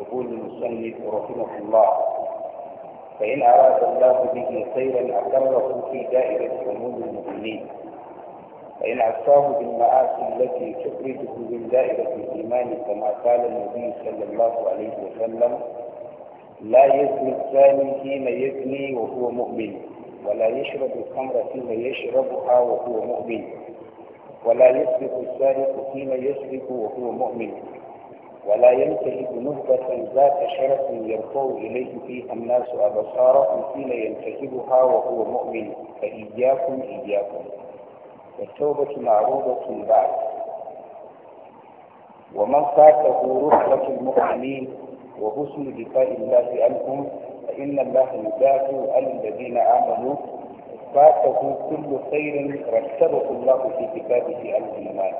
يقول المسلم رحمه الله فإن أراد الله به خيرا أقره في دائرة أمور المؤمنين فإن عصاه بالمعاصي التي تخرجه من دائرة الإيمان كما قال النبي صلى الله عليه وسلم لا يزني الزاني حين يزني وهو مؤمن ولا يشرب الخمر حين يشربها وهو مؤمن ولا يسرق السارق حين يسرق وهو مؤمن ولا ينتهي نهبة ذات شرف يرفع إليه فيها الناس أبصارهم حين ينتهبها وهو مؤمن فإياكم إياكم والتوبة معروضة بعد ومن فاته رحلة المؤمنين وحسن دفاع الله عنهم فإن الله يدافع عن الذين آمنوا فاته كل خير رتبه الله في كتابه الإيمان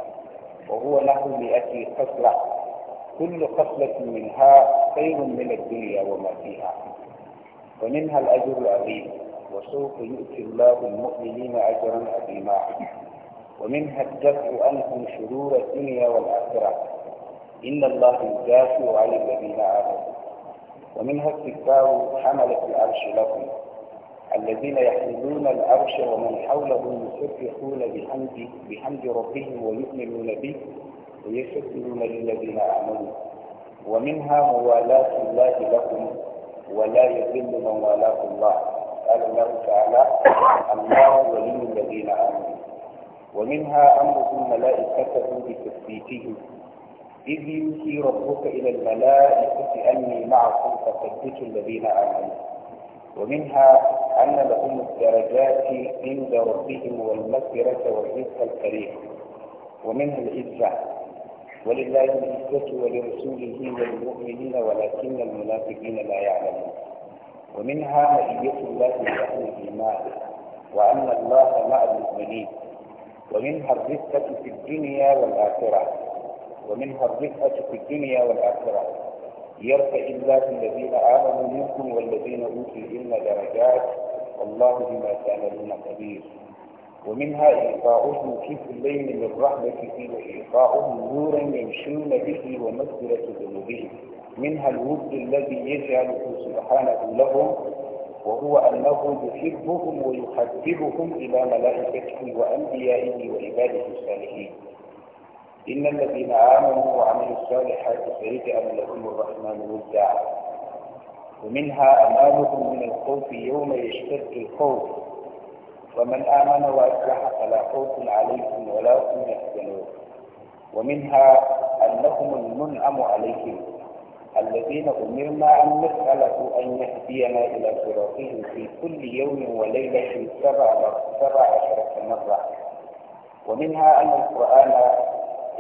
وهو له مئة خصلة كل قفلة منها خير من الدنيا وما فيها ومنها الأجر العظيم وسوف يؤتي الله المؤمنين أجرا عظيما ومنها الدفع عنهم شرور الدنيا والآخرة إن الله يدافع عن الذين آمنوا ومنها استكبار حملة العرش لكم الذين يحملون العرش ومن حوله يسبحون بحمد بحمد ربهم ويؤمنون به ويستكبرون للذين آمنوا ومنها موالاة الله لكم ولا يذل من والاه الله قال الله تعالى الله ولي الذين آمنوا ومنها أمر الملائكة بتثبيتهم إذ يوحي ربك إلى الملائكة أني معكم فثبتوا الذين آمنوا ومنها أن لهم الدرجات عند ربهم والمغفرة والرزق الكريم ومنها العزة ولله العزة ولرسوله وللمؤمنين ولكن المنافقين لا يعلمون ومنها مئية الله لأهل الإيمان وأن الله مع المؤمنين ومنها الرفقة في الدنيا والآخرة ومنها الرفقة في الدنيا والآخرة يرفع الله الذين آمنوا منكم والذين أوتوا العلم درجات والله بما تعملون خبير ومنها إلقاؤه في كل للرحمة فيه وإلقاؤه نورا يمشون به ومسجرة ذنوبهم منها الود الذي يجعله سبحانه لهم وهو أنه يحبهم ويحببهم إلى ملائكته وأنبيائه وعباده الصالحين إن الذين آمنوا وعملوا الصالحات سيجعل لهم الرحمن ودا ومنها أمامهم من الخوف يوم يشتد الخوف ومن آمن وأصلح فلا خوف عليهم ولا هم يحزنون ومنها أنهم المنعم عليهم الذين أمرنا أن نسأله أن يهدينا إلى صراطه في كل يوم وليلة سبع سبع عشرة مرة ومنها أن القرآن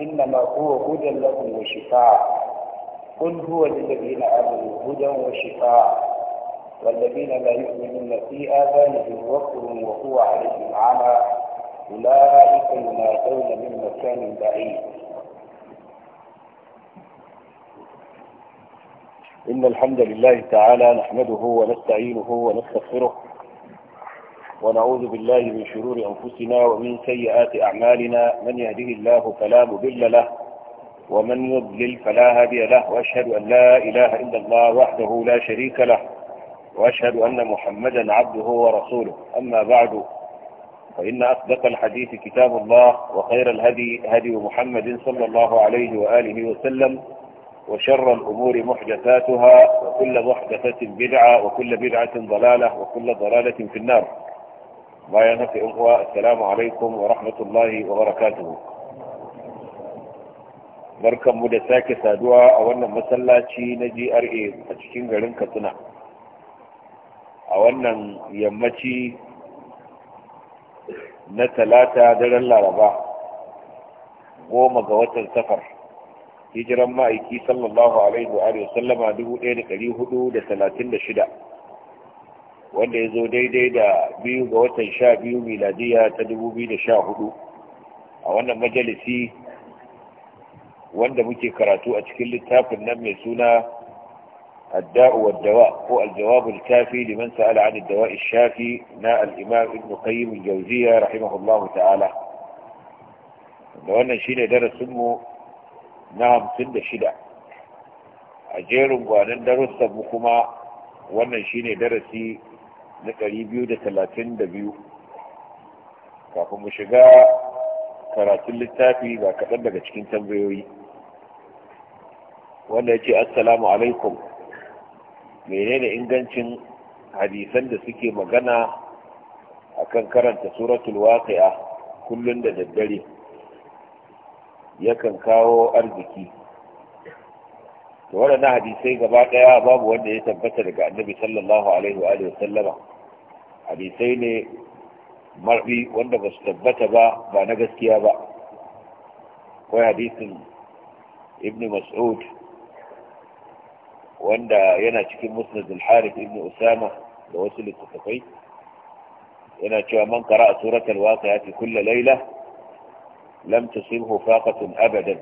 إنما هو هدى لهم وشفاء قل هو للذين آمنوا هدى وشفاء والذين لا يؤمنون في آذانهم وقر وهو عليهم عمى أولئك ينادون من مكان بعيد إن الحمد لله تعالى نحمده ونستعينه ونستغفره ونعوذ بالله من شرور أنفسنا ومن سيئات أعمالنا من يهده الله فلا مضل له ومن يضلل فلا هادي له وأشهد أن لا إله إلا الله وحده لا شريك له وأشهد أن محمدا عبده ورسوله أما بعد فإن أصدق الحديث كتاب الله وخير الهدي هدي محمد صلى الله عليه وآله وسلم وشر الأمور محدثاتها وكل محدثة بدعة وكل بدعة ضلالة وكل ضلالة في النار ما ينفي أخوة السلام عليكم ورحمة الله وبركاته barkan da sake saduwa a wannan masallaci na GRA a cikin garin Katsina a wannan yammaci na talata daren laraba goma ga watan safar hijiran ma'aiki sallallahu alaihi wa sallama dubu ɗaya da ɗari hudu da talatin da shida wanda ya zo daidai da biyu ga watan sha biyu miladiya ta dubu biyu da sha hudu a wannan majalisi wanda muke karatu a cikin littafin nan mai suna الداء والدواء هو الجواب الكافي لمن سأل عن الدواء الشافي ناء الإمام ابن قيم الجوزية رحمه الله تعالى وانا شيني درس مو نعم سند شدة أجير وانا درس مكما وانا شيني درسي نقري بيو دا ثلاثين دا بيو kafin mu shiga karatun littafi ba kaɗan daga cikin tambayoyi wanda ya ce assalamu alaikum menene ingancin hadisan da suke magana a kan karanta suratul waqi'a kullun da daddare yakan kawo arziki to waɗannan hadisai gaba ɗaya babu wanda ya tabbata daga annabi sallallahu alaihi wa sallama hadisai ne marbi wanda ba su tabbata ba ba na gaskiya ba kawai hadisin ibn mas'ud wanda yana cikin musnad al-harith ibn usama da wasu littattafai yana cewa man qara'a suratul waqi'ati kullu layla lam tusibhu faqatun abadan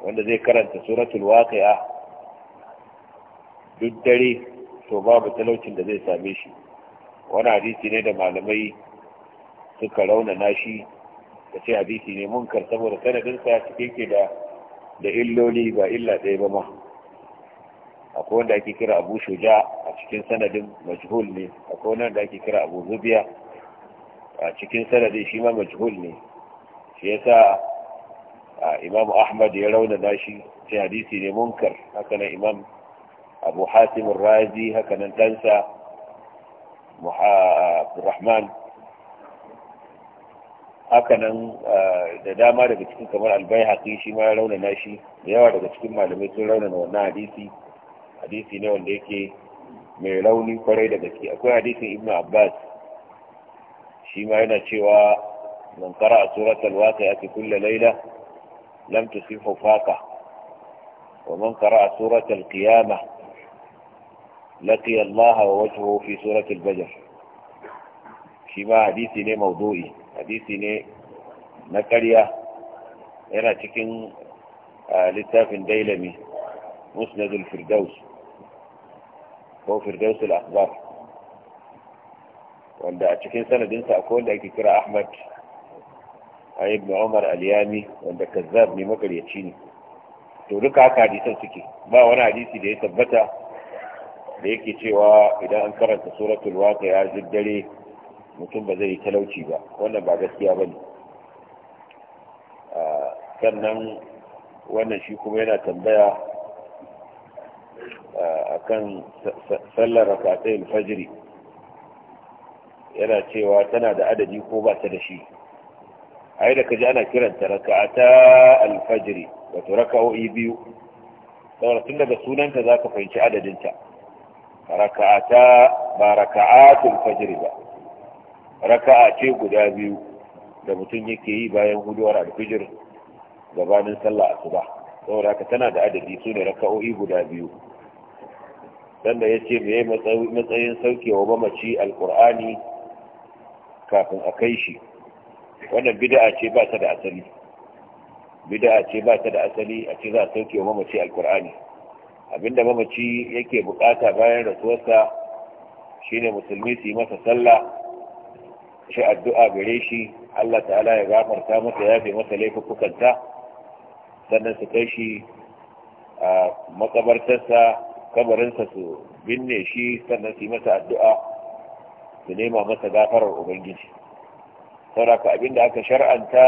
wanda zai karanta suratul waqi'a duk dare to babu talaucin da zai same shi wani hadisi ne da malamai suka rauna shi da ce hadisi ne munkar saboda sanadinsa cikin ke da illoli ba illa ɗaya ba ma akwai wanda ake kira abu shuja a cikin sanadin majhul ne akwai wanda ake kira abu zubiya a cikin sanadin shi ma majhul ne shi yasa imam ahmad ya da shi ta hadisi ne munkar hakanan imam abu hatim razi hakanan ɗansa haka hakanan da dama daga cikin kamar albai haƙi shi ma ya raunana shi da yawa daga cikin malamai sun raunana wannan hadisi hadisi ne wanda yake mai rauni kwarai da gaske akwai hadisin ibn abbas shi ma yana cewa man qara'a suratul ya fi kulle laila lam tusifu faqa wa man a suratul qiyamah laqiya Allah wa wajhuhu fi suratul bajr shi ma hadisi ne mawdu'i hadisi ne na ƙarya yana cikin ah, littafin dailami musnadul firdaus ko firdausul akbar wanda a cikin sanadinsa akwai wanda ake kira ahmad a ibn umar al-yami wanda kazzab ne makaryaci ne to duka haka hadisan suke ba wani hadisi da ya tabbata da yake cewa idan an karanta suratul waqi'a dare mutum ba zai yi talauci ba wannan ba gaskiya bane ah, sannan wannan shi kuma yana tambaya akan sallar rakatayil fajri yana cewa tana da adadi ko ba ta da shi ai da kaji ana kiranta raka'ata alfajri wato raka'o'i biyu saboda tun daga sunanta zaka fahimci adadinta rakata ba raka'atul fajiri ba raka'a ce guda biyu da mutum yake yi bayan huduwar alfijir gabanin sallah asuba saboda haka tana da adadi sune ne raka'o'i guda biyu sannan ya ce mai matsayin saukewa mamaci alkur'ani kafin a kai shi wannan bida'a ce ba ta da asali bida'a ce ba ta da asali a ce za a saukewa mamaci alkur'ani abinda mamaci yake bukata bayan rasuwarsa shine musulmi su yi masa sallah shi addu'a gare shi Allah ta'ala ya gafarta masa ya fi masa ta sannan su kai shi a makabartarsa kabarinsa su binne shi sannan su yi masa addu'a su nema masa gafarar ubangiji sauraka da aka shar'anta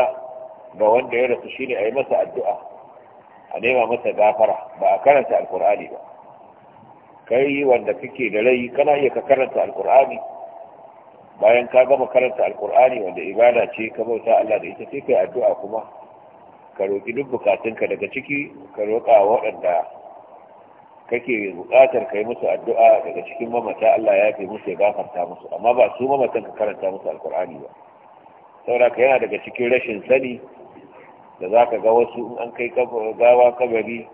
ga wanda ya rasu shine a yi masa addu'a a nema masa gafara ba a karanta alkur'ani ba kai wanda kake da rai kana iya ka karanta alkur'ani bayan ka gama karanta alkur'ani wanda ibada ce ka bauta Allah da ita sai kai addu'a kuma ka roki duk bukatunka daga ciki ka roka waɗanda kake buƙatar kai musu addu'a daga cikin mamata Allah ya yafe musu ya gafarta musu amma ba su mamatan ka karanta musu alkur'ani ba saboda yana daga cikin rashin sani da za ka ga wasu in an kai gawa kabari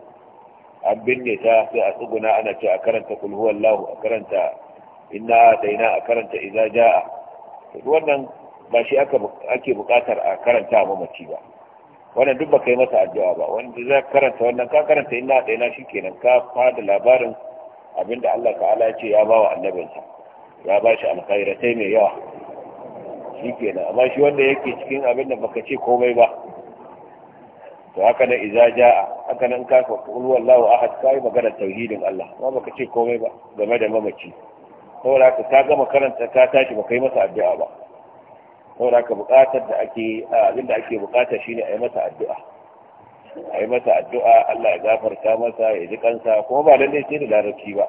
an binne ta sai a tsuguna ana ce a karanta kulhuwallahu a karanta inna daina a karanta iza ja'a wannan ba shi ake bukatar a karanta mamaci ba wannan duk baka yi masa addu'a ba wanda za ka karanta wannan ka karanta inna da ina shikenan ka fada labarin abinda Allah ta'ala ya ce ya ba wa annabinsa ya ba shi alkhairatai mai yawa shikenan amma shi wanda yake cikin abinda baka ce komai ba to haka nan idza jaa haka nan ka kul wallahu ahad kai magana tauhidin Allah ba baka ce komai ba game da mamaci Ko la ka gama karanta ka tashi baka yi masa addu'a ba saboda ka buƙatar da ake abin da ake buƙata shine a yi masa addu'a a yi masa addu'a Allah ya gafarta masa ya ji kansa kuma ba lalle sai da larabci ba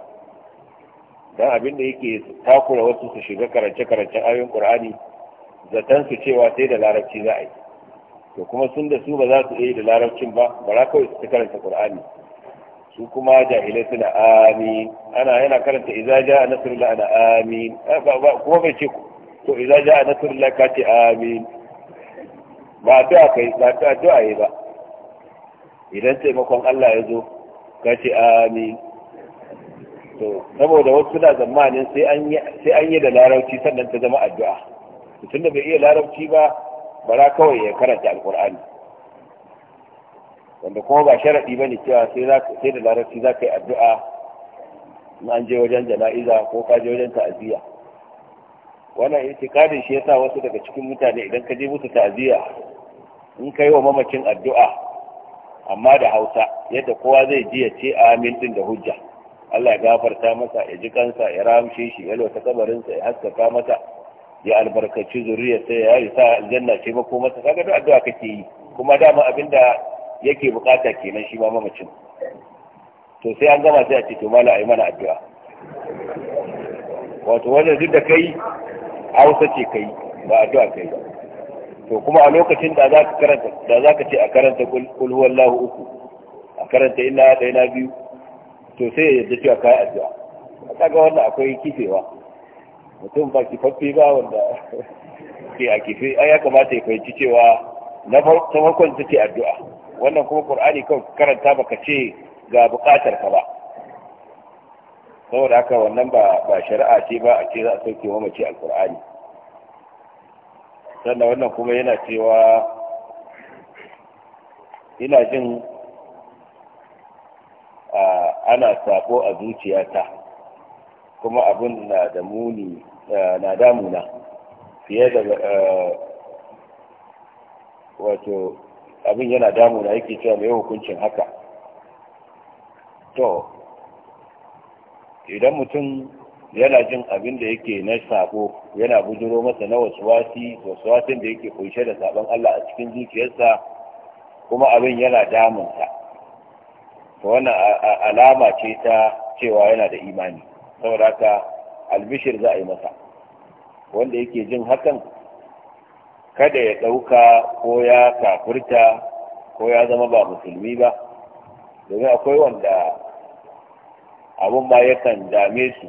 dan abin da yake takura wasu su shiga karance karancen ayoyin Qur'ani zaton su cewa sai da larabci za a yi to kuma sun da su ba za su iya da larabcin ba ba za kawai su karanta Qur'ani su kuma jahilai suna amin ana yana karanta idza a nasrullah ana amin ba kuma bai ce ku ko idza jaa nasrullahi ka ce amin ba ta kai ba ta addu'a yi ba idan taimakon Allah ya zo ka amin to saboda wasu suna zamanin sai an yi da larabci sannan ta zama addu'a mutum da bai iya larabci ba bara kawai ya karanta alkur'ani wanda kuma ba sharaɗi bane cewa sai da larabci za ka yi addu'a in an je wajen jana'iza ko ka je wajen ta'aziyya wannan itikadin shi yasa wasu daga cikin mutane idan ka je musu ta'aziyya in kai wa mamacin addu'a amma da hausa yadda kowa zai ji ya ce amin din da hujja Allah ya gafarta masa ya ji kansa ya ramshe shi ya lota sa ya haskaka masa ya albarkaci zuriyarsa ya yi sa aljanna ce mako masa kaga da addu'a kake yi kuma dama abinda yake bukata kenan shi ma mamacin to sai an gama sai a ce to mala ayi mana addu'a wato wannan duk da kai hausa ce kai ba addu'a kai ba to kuma a lokacin da za ka karanta da za ka ce a karanta kul huwallahu uku a karanta illa da na biyu to sai ya yadda cewa kai addu'a kaga wannan akwai kifewa mutum ba kifaffe ba wanda ke a kife ai ya kamata ya fahimci cewa na farkon ta ce addu'a wannan kuma qur'ani kan karanta baka ce ga bukatar ka ba saboda haka wannan ba ba shari'a ce ba a ce za a sauke wa mace alkur'ani sannan wannan kuma yana cewa ina jin ana sako a zuciyata kuma abin na da muni na damuna fiye da wato abin yana damuna yake cewa mai hukuncin haka to idan mutum yana jin abin da yake na sabo yana bujiro masa na wasu wasin da yake kunshe da sabon Allah a cikin zuciyarsa kuma abin yana damunsa to wannan alama ce ta cewa yana da imani saboda haka albishir za a yi masa wanda yake jin hakan kada ya ɗauka ko ya kafurta ko ya zama ba musulmi ba domin akwai wanda abun ma yakan dame su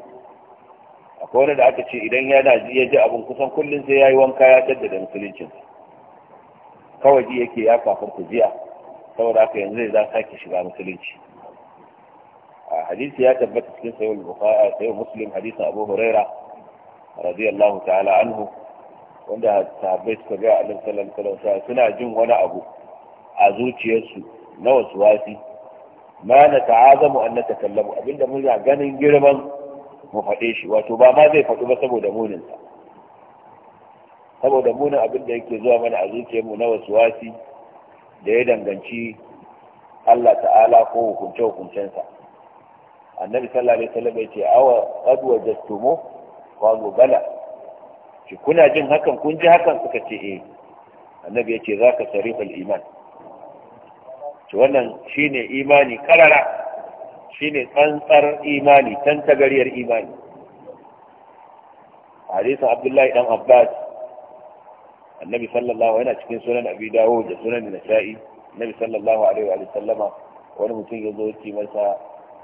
akwai wani da aka ce idan yana ya ji abun kusan kullum sai ya yi wanka ya da musuluncin kawai ji yake ya kafin ku jiya saboda haka yanzu zai za sake shiga musulunci a hadisi ya tabbata cikin sayo bukhari sayo muslim hadisin abu huraira radiyallahu ta'ala anhu wanda sahabbai suka ga a sallallahu suna jin wani abu a zuciyarsu na wasu wasi ma na ta'azamu an na takallamu abinda muna ganin girman mu faɗe shi wato ba ma zai faɗu ba saboda munin sa saboda munin abin da yake zuwa mana a zuciyar mu na wasuwasi da ya danganci Allah ta'ala ko hukunce hukuncensa annabi sallallahu alaihi wasallam ya ce awa qad wajadtumu qalu bala ki kuna jin hakan kun ji hakan suka ce eh annabi ya ce zaka sarihul iman wannan shine imani karara shine tsantsar imani tantagariyar imani hadisin abdullahi dan abbas annabi sallallahu yana cikin sunan abi dawo da sunan nasa'i annabi sallallahu alaihi wa sallama wani mutum ya zo ci masa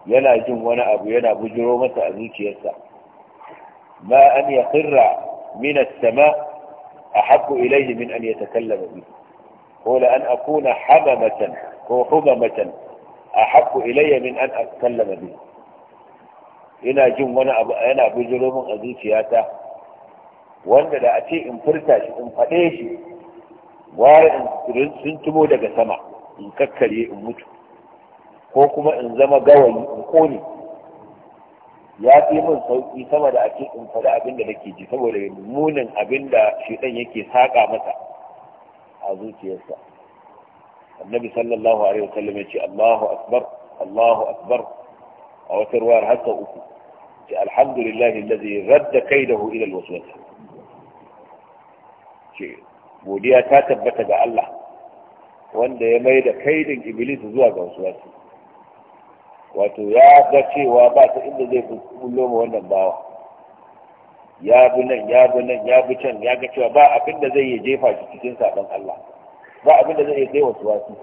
yana jin wani abu yana bujiro masa a zuciyarsa ma an yaqirra min as-sama ahabbu ilayhi min an yatakallama bihi ko la an akuna habamatan ko a ahabbu ilayya min an atkallama bi ina jin wani abu yana bujiro min a zuciyata wanda da a ce in furta shi in faɗe shi gwara in sun tumo daga sama in kakkarye in mutu ko kuma in zama gawayi in kone ya fi min sauƙi sama da ake in faɗi abin da nake ji saboda munin abin da shi ɗan yake saƙa masa a zuciyarsa annabi sallallahu alaihi wasallam ya ce Allahu akbar Allahu akbar a wata ruwa ruwayar haka uku ce alhamdulillahi allazi radda kaidahu ila alwaswasa ce godiya ta tabbata ga Allah wanda ya mai da kaidin iblis zuwa ga wasu wato ya ga cewa ba ta inda zai kullo ma wannan bawa ya bi nan ya bi nan ya bi can ya ga cewa ba abin da zai yi jefa shi cikin sabon Allah ba abin da zai kai wasu wasu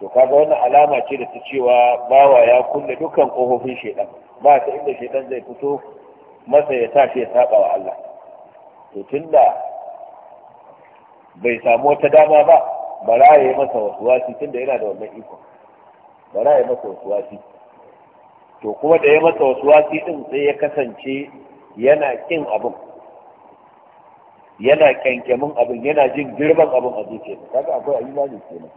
to kaga wannan alama ce da ta cewa bawa ya kulle dukkan kofofin shaidan ba ta inda shaidan zai fito masa ya sa ya saba wa Allah to tunda bai samu wata dama ba bara ya yi masa wasu wasu tunda yana da wannan iko bara ya masa wasu wasu to kuma da ya masa wasu wasu din sai ya kasance yana kin abin yana kyankyamin abin yana jin girman abin a zuciyarsa kaga akwai imani kenan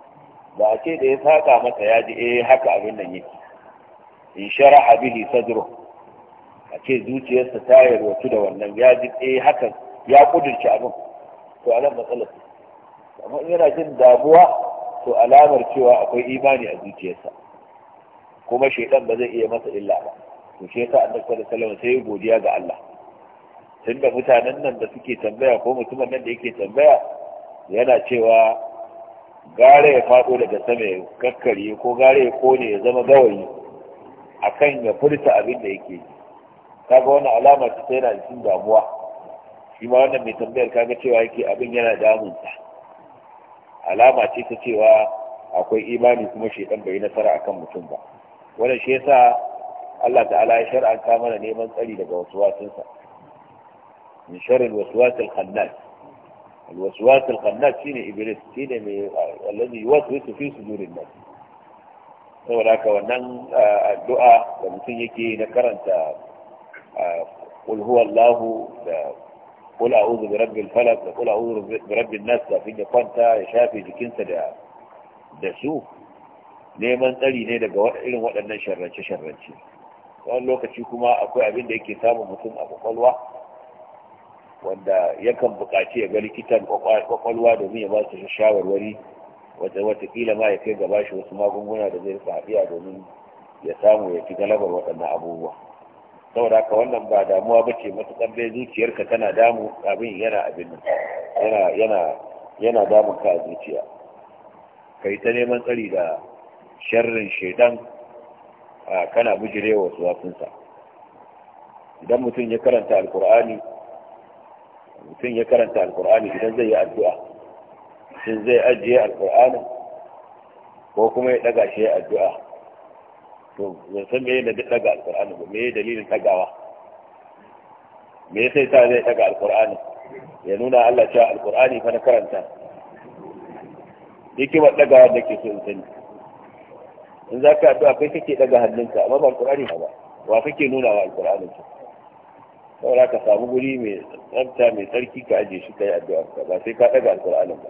ba a ce da ya saka masa ya ji eh haka abin nan yake in sharaha bihi sadru a ce zuciyarsa ta yarwatu da wannan ya ji eh haka ya kudurci abin to anan matsalar amma yana jin damuwa to alamar cewa akwai imani a zuciyarsa kuma shaidan ba zai iya masa illa ba to shi yasa annabi sallallahu alaihi wasallam sai godiya ga Allah tunda mutanen nan da suke tambaya ko mutumin nan da yake tambaya yana cewa gare ya faɗo daga sama ya kakkarye ko gare ya kone ya zama gawayi akan ya furta abin da yake yi kaga wannan alama ta sai na cikin damuwa shi ma wannan mai tambayar kaga cewa yake abin yana damunsa alama ce ta cewa akwai imani kuma shedan bai nasara akan mutum ba wannan shi yasa Allah ta'ala ya shar'anta mana neman tsari daga wasu watansa من شر الوسواس الخناس الوسواس الخناس فين ابليس فين mai يوسوس في fi الناس saboda haka wannan addu'a da mutum yake na karanta qul lahu da قل أعوذ برب da قل أعوذ برب الناس kafin ya kwanta ya shafe jikinsa da da su neman tsari ne daga irin waɗannan sharrance sharrance wani lokaci kuma akwai abin da yake samun mutum a kwakwalwa wanda yakan bukaci ya ga likitan kwakwalwa domin ya ba su shawarwari wata watakila ma ya kai gaba shi wasu magunguna da zai rika haɗiya domin ya samu ya ci galabar waɗannan abubuwa saboda haka wannan ba damuwa ba ce matuƙar dai zuciyarka tana damu abin yana abin yana yana yana damun ka a zuciya kai ta neman tsari da sharrin shaidan kana bijirewa wasu wasunsa idan mutum ya karanta alkur'ani mutum ya karanta alkur'ani idan zai yi addu'a shin zai ajiye alkur'ani ko kuma ya daga shi addu'a to ban san me da daga alkur'ani ba me dalilin tagawa me sai ta zai daga alkur'ani ya nuna Allah cewa alkur'ani fa na karanta yake wa daga wanda ke so in sani in za ka addu'a kai kake daga hannunka amma ba alkur'ani ba wa kake nuna wa alkur'ani saboda ka samu guri mai tsafta mai tsarki ka aje shi kai addu'a ka ba sai ka daga alƙur'anin ba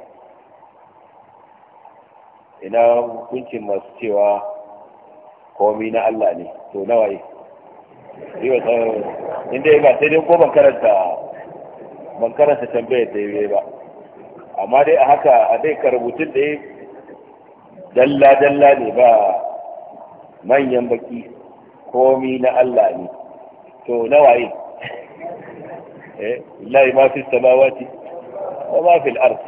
ina hukuncin masu cewa komi na Allah ne to nawa ne inda ba sai dai ko ban karanta ban karanta tambayar da yi ba amma dai a haka a dai karubutun da ya dalla dalla ne ba manyan baki komi na Allah ne to nawaye eh lillahi ma fi samawati wa ma fil ard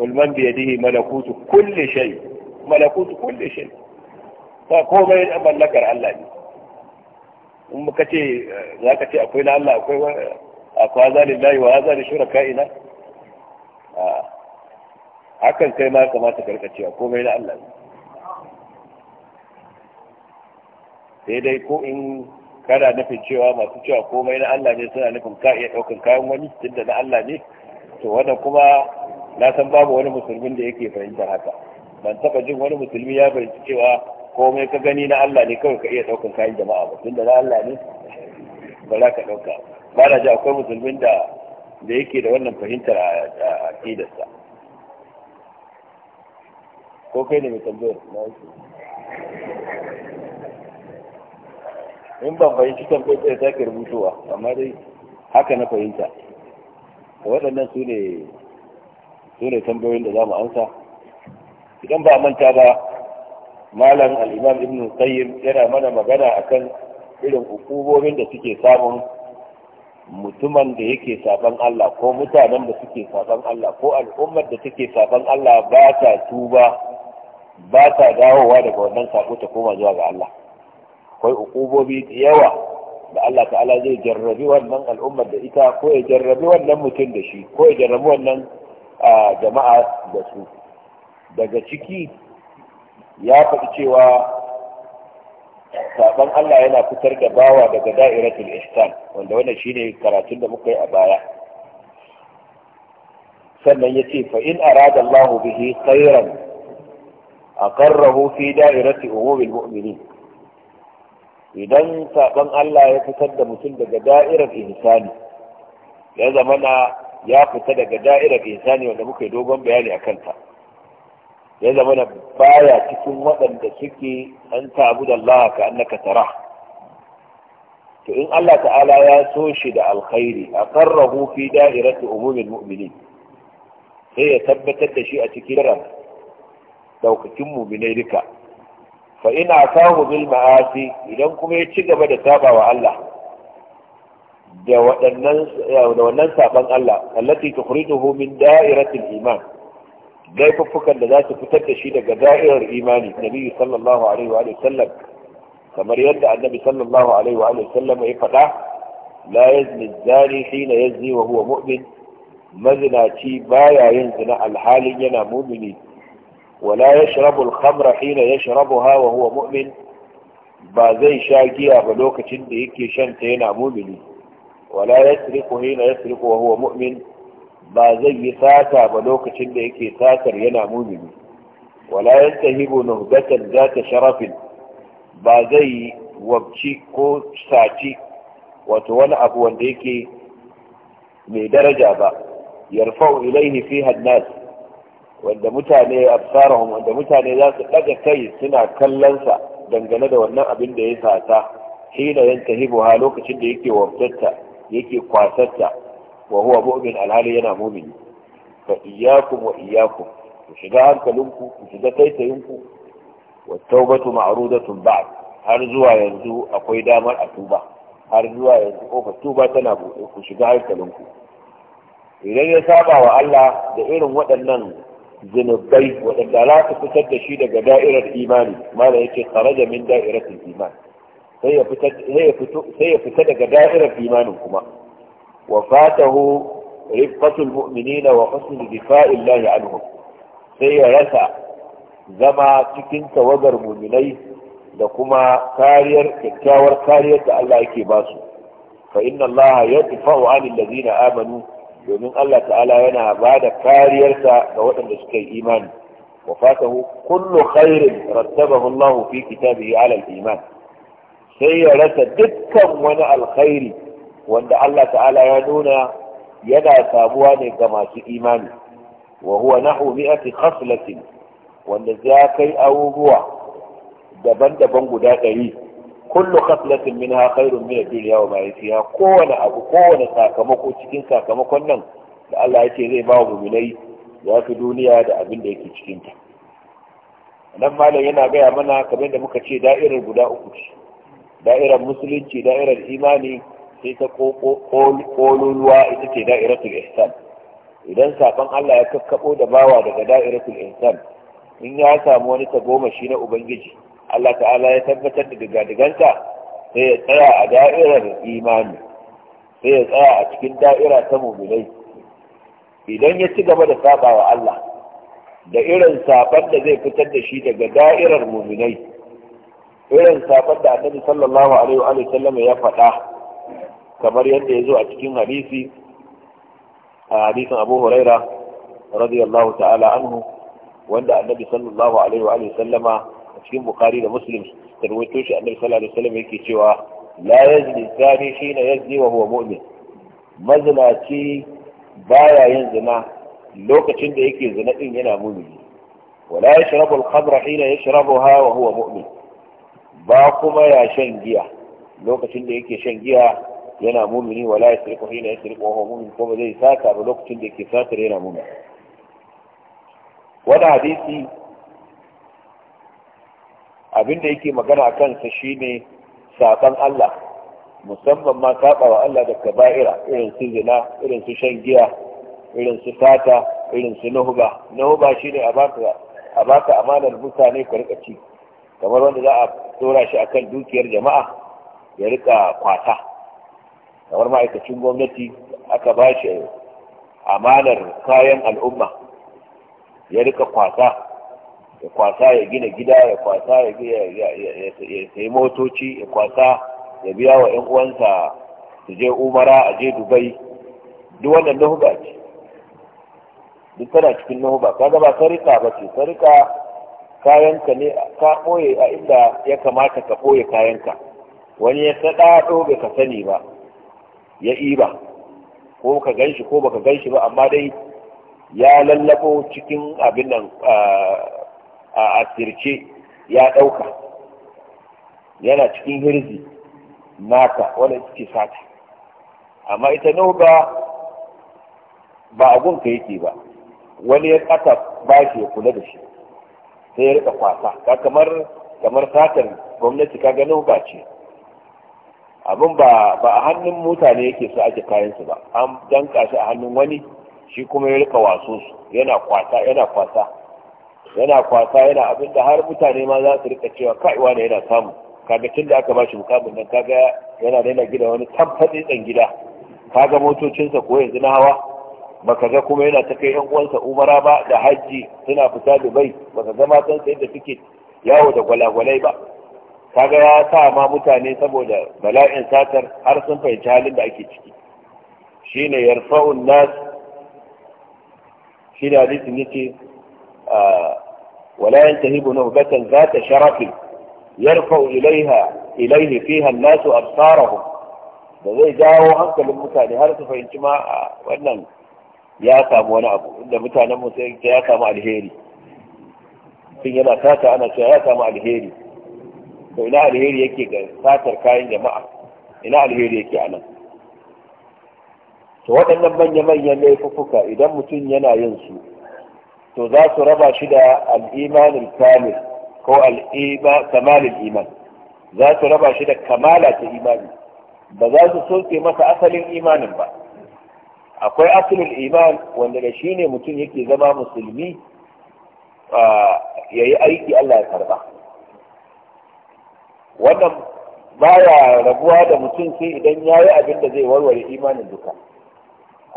wal man bi yadihi malakutu kulli shay malakutu kulli shay ba komai mallakar Allah ne in muka ce za ka akwai na Allah akwai akwai haza lillahi wa haza hakan kai ma kamata karkacewa komai na Allah ne sai dai ko in kana nufin cewa masu cewa komai na Allah ne suna nufin ka iya ɗaukan kayan wani tunda na Allah ne to wannan kuma na san babu wani musulmin da yake fahimtar haka ban taɓa jin wani musulmi ya fahimci cewa komai ka gani na Allah ne kawai ka iya ɗaukan kayan jama'a ba tunda na Allah ne ba za ka ɗauka ba na ji akwai musulmin da da yake da wannan fahimtar a aƙidarsa ko kai ne mai tambayar na wasu in ban fahimci kai ta sake rubutuwa, amma dai haka na fahimta waɗannan su ne su ne tambayoyin da za mu amsa idan ba manta ba malam al'imam ibn qayyim yana mana magana akan irin hukumomin da suke samun mutumin da yake saban Allah ko mutanen da suke saban Allah ko al'ummar da take saban Allah ba ta tuba ba ta dawowa daga wannan sako ta koma zuwa ga Allah akwai ukubobi da yawa da Allah ta'ala zai jarrabi wannan al'ummar da ita ko ya jarrabi wannan mutum da shi ko ya jarrabi wannan jama'a da su daga ciki ya faɗi cewa saban Allah yana fitar da bawa daga da'iratul ihsan wanda wannan shine karatun da muka yi a baya sannan ya ce fa in arada Allah bihi khairan aqarrahu fi da'irati umumil mu'minin idan saɓon Allah ya fitar da mutum daga da'irar insani ya zama na ya fita daga da'irar insani wanda muka yi dogon bayani a kanta ya zama na baya cikin waɗanda suke an tabu da Allah ka annaka tara to in Allah ta'ala ya so shi da alkhairi a karrahu fi da'irati umumin mu'mini sai ya tabbatar da shi a cikin ran daukakin mu'minai duka fa ina kawo bil ma'asi idan kuma ya ci gaba da saba wa Allah da wannan saban Allah allati tukhrijuhu min da'iratil iman laifuffukan da za su fitar da shi daga da'irar imani nabi sallallahu alaihi wa sallam kamar yadda annabi sallallahu alaihi wa sallam ya faɗa la yazni zani hina yazni wa huwa mu'min mazinaci baya yin zina alhalin yana mumini wala yashrabu al-khamra hina yashrabuha wa ba zai sha giya ba lokacin da yake shan ta yana mumini wala yasriqu hina yasriqu wa huwa mu'min ba zai yi sata ba lokacin da yake satar yana mumini wala yantahibu nuhdatan zata sharafin ba zai wabci ko saci wato wani abu wanda yake mai daraja ba yarfa'u ilaihi fiha an wanda mutane absarahum wanda mutane za su daga kai suna kallonsa dangane da wannan abin da ya sata hina yantahibu ha lokacin da yake wabtatta yake kwasatta wa huwa mu'min alhali yana mu'mini fa iyyakum wa iyyakum ku shiga hankalinku ku shiga taitayinku wa tawbatu ma'rudatun ba'd har zuwa yanzu akwai damar a tuba har zuwa yanzu kofar tuba tana buɗe ku shiga hankalinku idan ya saba wa Allah da irin waɗannan zunubai waɗanda za su fitar da shi daga da'irar imani mana yake kharaja min da'iratul iman sai ya fita daga da'irar imanin kuma wa fatahu rifqatul mu'minina wa husnul difa'illahi anhum sai ya rasa zama cikin tawagar muminai da kuma kariyar kyakkyawar kariyar da Allah yake ba su fa inna Allah yadfa'u 'anil ladina amanu domin Allah ta'ala yana ba da kariyarsa ga waɗanda suka yi imani wa fatahu kullu khairin rattabahu Allah fi kitabihi ala al-iman sai ya rasa dukkan wani alkhairi wanda Allah ta'ala ya nuna yana sabuwa ne ga masu imani wa huwa nahu mi'ati khaslatin wanda ya kai abubuwa daban-daban guda ɗari kullu khaflatin minha khairun min dunya wa ma fiha kowane abu kowane sakamako cikin sakamakon nan da Allah yake zai ba wa mu'minai ya fi duniya da abin da yake cikin ta nan malam yana gaya mana kamar da muka ce da'irar guda uku ce da'irar musulunci da'irar imani sai ta kololuwa ita ce da'iratul ihsan idan sakon Allah ya kakkabo da bawa daga da'iratul ihsan in ya samu wani shi na ubangiji Allah ta'ala ya tabbatar da diga-diganta sai ya tsaya a da'irar imani sai ya tsaya a cikin da'ira ta mubilai idan ya ci gaba da saba wa Allah da irin safar da zai fitar da shi daga da'irar mubilai irin safar da annabi sallallahu alaihi wa sallam ya faɗa kamar yadda ya zo a cikin hadisi a hadisin Abu Huraira radiyallahu ta'ala anhu wanda annabi sallallahu alaihi wa sallama a cikin bukari da muslim da rawaito shi annabi sallallahu alaihi wasallam yake cewa la yazni zani shine yazni wa huwa mu'min mazinaci baya yin zina lokacin da yake zina din yana mu'mini wala yashrabu al-khamra hina yashrabuha wa huwa mu'min ba kuma ya shan giya lokacin da yake shan giya yana mumini wala yasriqu hina yasriqu wa huwa mu'min kuma zai saka ba lokacin da yake satar yana mumini wani hadisi abin da yake magana a kansa shine saban Allah musamman ma saba wa Allah da kaba'ira irin su zina irin su shan giya irin su fata irin su nuhuba nuhuba shine a baka a baka amanar mutane ka rika ci kamar wanda za a tsora shi akan dukiyar jama'a ya rika kwata kamar ma'aikacin gwamnati aka ba shi amanar kayan al'umma ya rika kwata ya kwasa ya gina gida ya kwasa ya sayi motoci ya kwasa ya biya wa 'yan uwansa su je umara a je dubai duk wannan nahuba ce duk tana cikin nahuba ka ba sarika ba ce sarika kayanka ne ka ɓoye a inda ya kamata ka ɓoye kayanka wani ya saɗaɗo bai ka sani ba ya iba ko ka gan shi ko baka gan shi ba amma dai ya lallabo cikin abin nan ah, a asirce ya ɗauka yana cikin hirzi naka wanda suke sata amma ita noga ba abun ka yake ba wani ya aka ba shi ya kula da shi sai ya rika kwasa ka kamar kamar satar gwamnati ka gano ba ce abin ba a hannun mutane yake su ake kayansu ba an danka shi a hannun wani shi kuma ya rika waso su yana kwasa yana kwasa yana kwasa yana abin da har mutane ma za su rika cewa kai wane yana samu kaga tun da aka bashi mukamin nan kaga yana daina gida wani tabbatsi dan gida kaga motocinsa ko yanzu na hawa baka ga kuma yana ta kai yan uwansa umara ba da hajji suna fita dubai baka ga matan sa da suke yawo da gwalagwalai ba kaga ya sa ma mutane saboda bala'in satar har sun fahimci halin da ake ciki shine yarfa'un nas shi shine hadisin yace ولا ينتهب نهبة ذات شرف يرفع إليها إليه فيها الناس أبصارهم da zai jawo hankalin mutane har su fahimci ma wannan ya samu wani abu inda mutanen mu ya samu alheri sun yana sata ana cewa ya samu alheri to ina alheri yake ga satar kayan jama'a ina alheri yake a nan to waɗannan manya-manyan laifuffuka idan mutum yana yin su to za su raba shi da al'imanin kamil ko kamalin iman za su raba shi da kamala ta imani ba za su soke masa asalin imanin ba akwai asalin iman wanda da shi ne mutum yake zama musulmi ya yi aiki Allah ya karba wannan ba ya rabuwa da mutum sai idan ya yi abin da zai warware imanin duka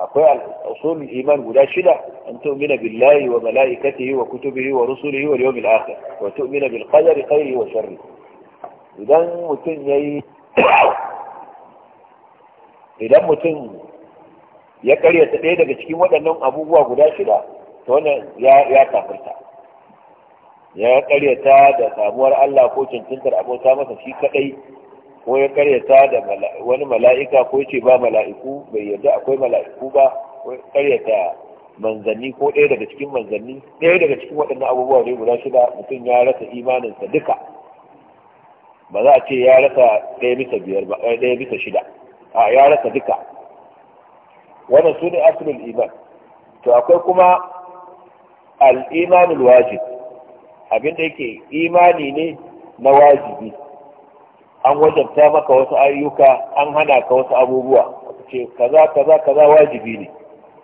akwai usulul iman guda shida an tu'mina billahi wa malaikatihi wa kutubihi wa rusulihi wa yawmil akhir wa tu'mina bil qadari khairi wa sharri idan mutun yayi idan mutum ya ta ɗaya daga cikin waɗannan abubuwa guda shida to wannan ya ya kafirta ya ta da samuwar Allah ko cancantar abota masa shi kadai ko ya karyata da wani mala'ika ko ce ba mala'iku bai yarda akwai mala'iku ba ko karyata manzanni ko ɗaya daga cikin manzanni ɗaya daga cikin waɗannan abubuwa ne guda shida mutum ya rasa imaninsa duka ba za a ce ya rasa ɗaya bisa biyar ba eh, ɗaya bisa shida a ya rasa duka wannan su ne asulul iman to akwai kuma al-imanul wajib abinda yake imani ne na wajibi an wajabta maka wasu ayyuka an hana ka wasu abubuwa ce kaza kaza kaza wajibi ne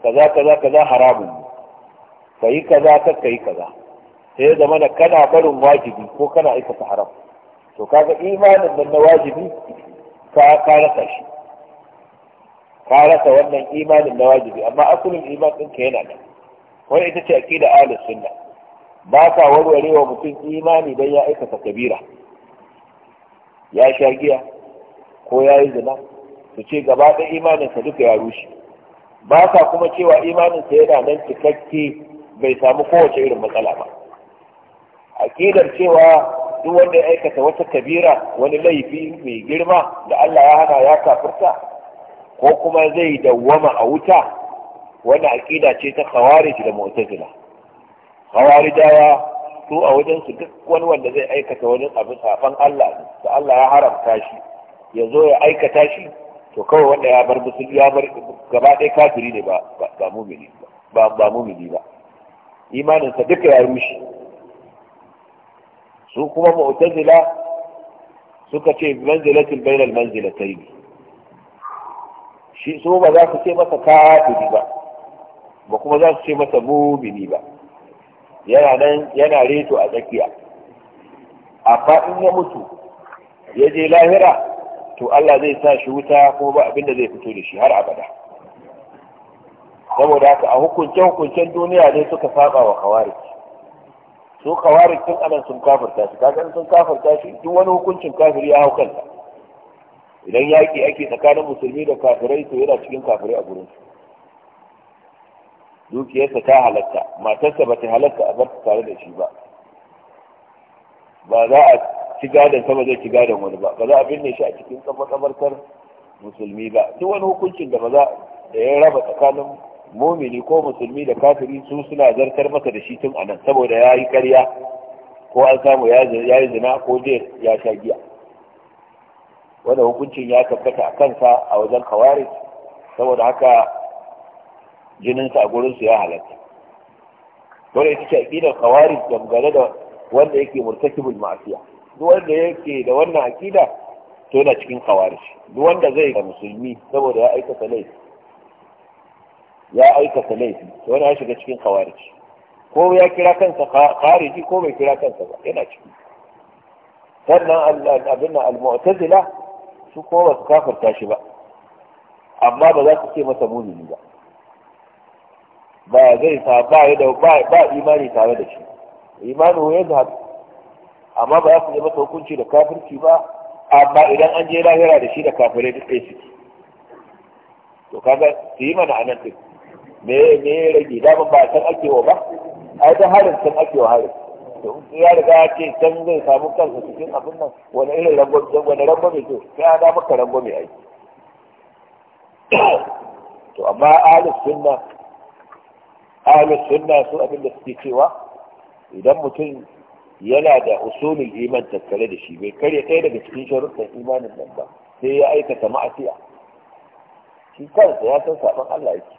kaza kaza kaza haramun ne ka yi kaza kar ka yi kaza sai zama da kana barin wajibi ko kana aikata haram to kaga imanin nan na wajibi ka ka rasa shi ka rasa wannan imanin na wajibi amma asalin iman din ka yana nan wani ita ce aqida ahlus sunna ba ka warware wa mutum imani dan ya aikata kabira ya sha giya ko ya yi zina su ce gaba da imaninsa duka ya rushe ba sa kuma cewa imaninsa yana nan cikakke bai samu kowace irin matsala ba aƙidar cewa duk wanda ya aikata wata kabira wani laifi mai girma da Allah ya hana ya kafirta ko kuma zai dawwama a wuta wani aƙida ce ta khawarij da mu'tazila khawarijawa su a wajen su duk wani wanda zai aikata wani abu saban Allah da Allah ya haramta shi ya zo ya aikata shi to kawai wanda ya bar musulmi ya bar gaba ɗaya kafiri ne ba ba mumini ba ba mumini ba imaninsa duk ya rushe su kuma mu'tazila suka ce manzilatul bainal manzilatayn shi su ba za su ce masa kafiri ba ba kuma za su ce masa mumini ba yana nan yana reto a tsakiya A faɗin ya mutu ya je lahira to Allah zai sa shi wuta ko ba abin zai fito da shi har abada saboda haka a hukunce hukuncen duniya ne suka saba wa kawarik su kawarik tun anan sun kafirta shi san sun kafirta shi duk wani hukuncin kafiri ya hau kansa idan yaki ake tsakanin musulmi da kafirai to yana cikin kafirai a gurin su dukiyarsa ta halatta matarsa ba ta halatta a bar tare da shi ba ba za a ci gadon sama zai ci gadon wani ba ba za a binne shi a cikin kamarkar musulmi ba duk wani hukuncin da ba za da ya raba tsakanin mumini ko musulmi da kafiri su suna zartar masa da shi tun anan saboda ya yi karya ko an samu ya yi zina ko je ya sha giya wanda hukuncin ya tabbata a kansa a wajen kawari saboda haka jininsa a gurinsu ya halatta dole ita ce aƙidar khawarij dangane da wanda yake murtakibul ma'asiya duk wanda yake da wannan aƙida to yana cikin khawarij duk wanda zai ga musulmi saboda ya aikata laifi ya aikata laifi to yana shiga cikin khawarij ko ya kira kansa khariji ko bai kira kansa ba yana ciki sannan abin nan al-mu'tazila su ko ba su kafirta shi ba amma ba za su ce masa muni ba ba zai sa ba ya da ba imani tare da shi imani ya da amma ba za su zama hukunci da kafirci ba amma idan an je lahira da shi da kafirai duk ɗaya suke to kaga su yi mana anan din me me ya rage dama ba san ake wa ba ai da harin san ake wa harin to ya riga ya ce can zai samu kansa cikin abin nan wani irin rangwame wani rangwame to sai an da maka rangwame aiki to amma ahlus sunna ahlus sunna su abin da suke cewa idan mutum yana da usulul iman tattare da shi bai karya ɗaya daga cikin sharuɗan imanin nan ba sai ya aikata ma'asiya shi kansa ya san sabon Allah yake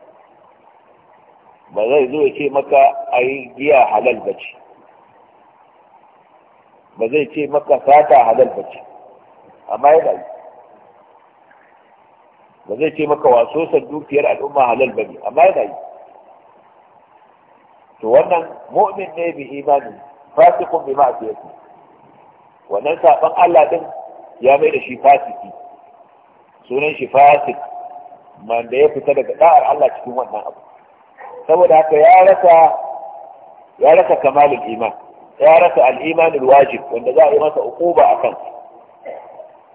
ba zai zo ya ce maka ai giya halal bace ba zai ce maka sata halal bace amma yana yi ba zai ce maka waso san dukiyar al'umma halal bane amma yana yi to wannan mu'min ne bi imani fasikun bi ma'asiyati wannan sabon Allah din ya mai da shi fasiki sunan shi fasik man da ya fita daga da'ar Allah cikin wannan abu saboda haka ya rasa ya rasa kamalul iman ya rasa al-imanul wajib wanda za a yi masa uquba akan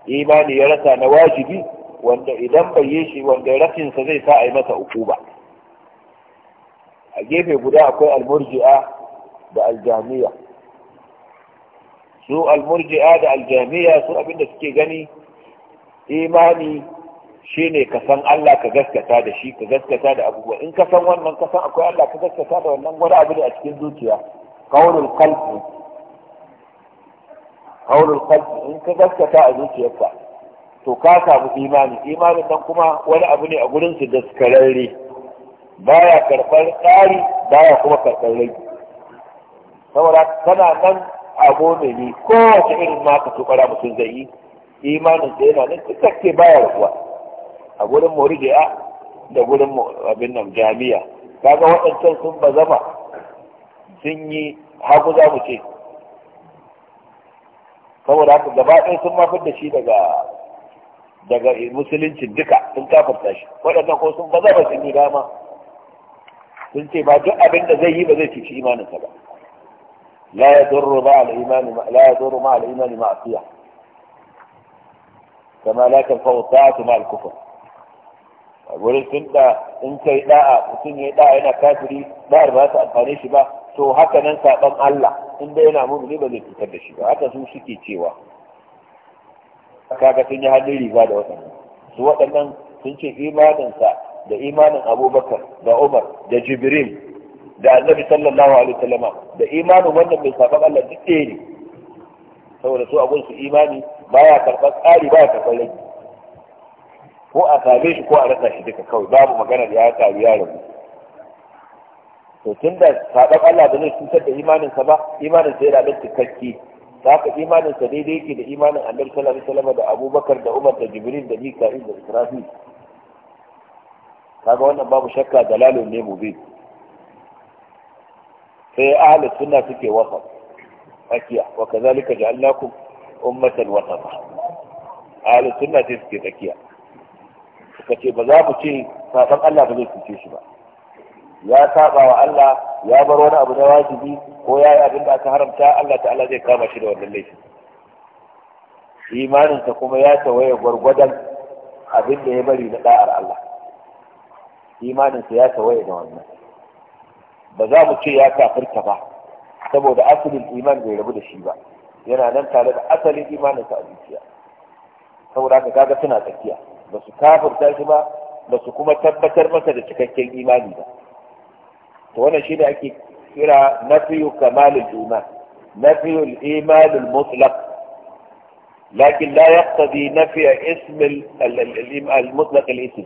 imani ya rasa na wajibi wanda idan bai yi shi wanda rafinsa zai sa a yi masa uquba a gefe guda akwai almurji'a da aljamiya su almurji'a da aljamiya su abinda suke gani imani shine ka san Allah ka gaskata da shi ka gaskata da abubuwa in ka san wannan ka san akwai Allah ka gaskata da wannan wani abu ne a cikin zuciya kaurin kalfi. Kaurin kalfi, in ka gaskata a zuciyarka to ka samu imani imanin nan kuma wani abu ne a gurin su daskararre baya karɓar ba baya kuma karɓar rai saboda tana nan abu ne ne kowace irin ma ka tukara mutum zai yi imanin sai yana nan ba baya rabuwa a gurin murji'a da gurin abin nan jami'a kaga waɗancan sun ba zama sun yi hagu za mu ce saboda haka gaba ɗaya sun mafi da shi daga daga musulunci duka sun kafarta shi waɗannan ko sun ba zama sun yi dama sun ce ba duk abin da zai yi ba zai cuci imaninsa ba la yadurru ma al-imani la yadurru ma al-imani ma'siya kama la tanfa'u ta'atu ma al-kufr a gurin sun da in kai da'a mutum ya da'a yana kafiri ba'ar ba su amfane shi ba to haka nan saban Allah in dai yana mu'mini ba zai cutar da shi ba haka su suke cewa kaga sun yi hannun riga da waɗannan su waɗannan sun ce imaninsa da imanin abubakar da umar da jibril da annabi sallallahu alaihi wasallama da imanin wannan mai sabon Allah duk ɗaya ne saboda su abun su imani baya karɓar tsari baya karɓar rage ko a same shi ko a rasa shi duka kawai babu da ya taru ya rabu to tun da sabon Allah ba zai cutar da imaninsa ba imanin sa yana da cikakke haka imaninsa daidai yake da imanin annabi sallallahu alaihi wasallama da abubakar da umar da jibril da mika'il da israfil kaga wannan babu shakka dalalun ne mubin sai ahli sunna suke wasa tsakiya wa kazalika ja'alnakum ummatan wasata ahli sunna sai suke tsakiya suka ce ba za mu ce sabon Allah ba zai cuce shi ba ya saba wa Allah ya bar wani abu na wajibi ko ya yi abin da aka haramta Allah ta'ala zai kama shi da wannan laifin imaninsa kuma ya tawaye gwargwadon abin da ya bari na da'ar Allah imaninsa ya tawaye da wannan ba za mu ce ya kafirta ba saboda asalin iman bai rabu da shi ba yana nan tare da asalin imaninsa a zuciya saboda haka kaga suna tsakiya ba su kafirta shi ba ba su kuma tabbatar masa da cikakken imani ba to wannan shi ne ake kira nafiyu kamalul iman nafiyul imanul mutlaq لكن لا يقتضي نفي اسم المطلق الاسم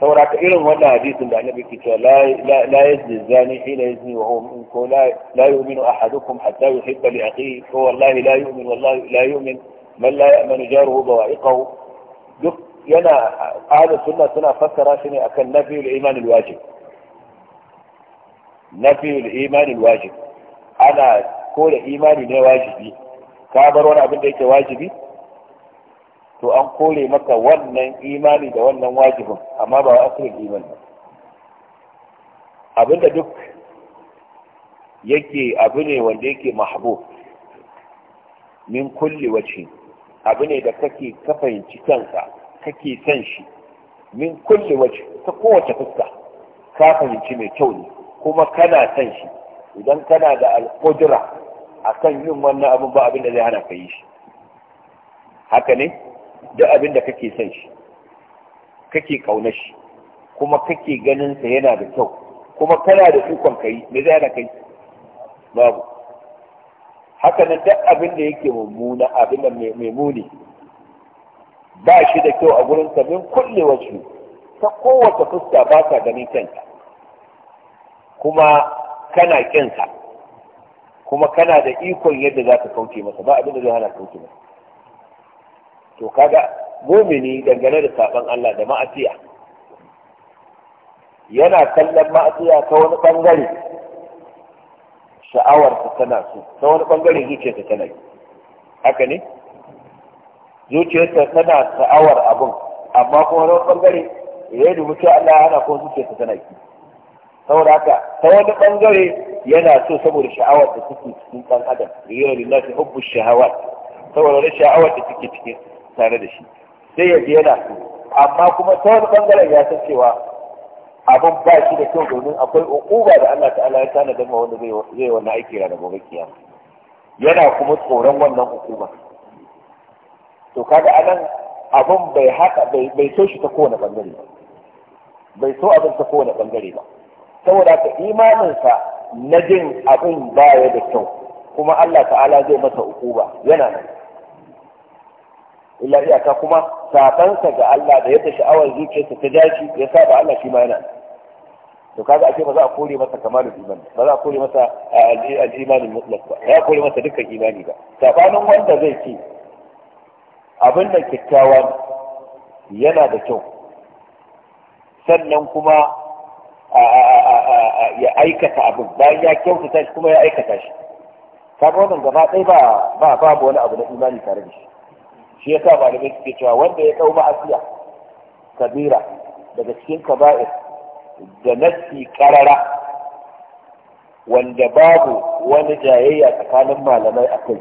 ثورة إلهم ولا حديث عن النبي كتاب لا لا لا يزني الزاني حين يزني وهو منكم لا لا يؤمن أحدكم حتى يحب لأخيه فوالله لا يؤمن والله لا يؤمن من لا يأمن جاره ضوائقه دك ينا اهل السنة سنة فسر شني أكن نفي الإيمان الواجب نفي الإيمان الواجب أنا كل إيماني واجبي كابر وانا عبد ليك واجبي to an kore maka wannan imani da wannan wajibin amma ba asirin imani ba abinda duk yake abu ne wanda yake mahbub min kulli wace abu ne da kake ka fahimci kansa kake san shi min kulli wace ta kowace fuska ka fahimci mai kyau ne kuma kana san shi idan kana da alƙudura akan yin wannan abin ba abin da zai hana ka yi shi haka ne duk abin da kake son shi kake kauna shi kuma kake ganin sa yana da kyau kuma kana da ikon kai me zai da kai babu haka nan duk abin da yake mummuna abin da mai muni ba shi da kyau a gurin sa min kulle wasu ta kowace fuska ba ka ganin kanka kuma kana kinsa kuma kana da ikon yadda za ka kauce masa ba abin da zai hana kauce masa to kaga mumini dangane da sabon Allah da ma'asiya yana kallon ma'asiya ta wani bangare sha'awar tana so ta wani bangare zuciyarsa tana yi haka ne zuciyarsa tana sha'awar abun amma kuma wani bangare ya yi ta Allah hana kuma zuciyarsa tana yi saboda haka ta wani bangare yana so saboda sha'awar da take cikin dan adam riyar lillahi hubbu shahawat saboda wani sha'awar da take cikin tare da shi sai ya je yana so amma kuma ta wani bangaren ya san cewa abin ba shi da kyau domin akwai uba da Allah ta'ala ya tana da wanda zai wani aiki ranar gobe kiyama yana kuma tsoron wannan hukuma to kaga anan abin bai haka bai so shi ta kowane bangare ba bai so abin ta kowane bangare ba saboda ka imaninsa na jin abin baya da kyau kuma Allah ta'ala zai masa hukuma yana nan illa iyaka kuma sabansa ga Allah da yadda sha'awar zuciyarsa ta jashi ya sa da Allah shi ma yana to kaga ake ba za a kore masa kamalul iman ba za a kore masa al-imanul mutlaq ba ya kore masa dukkan imani ba sabanin wanda zai ce abin da kyakkyawa yana da kyau sannan kuma ya aikata abin bayan ya kyautata shi kuma ya aikata shi kaga wannan gaba ɗaya ba ba babu wani abu na imani tare da shi shi yasa malamai suke cewa wanda ya kau ma'asiya kabira daga cikin kaba'ir da nassi karara wanda babu wani jayayya tsakanin malamai a kai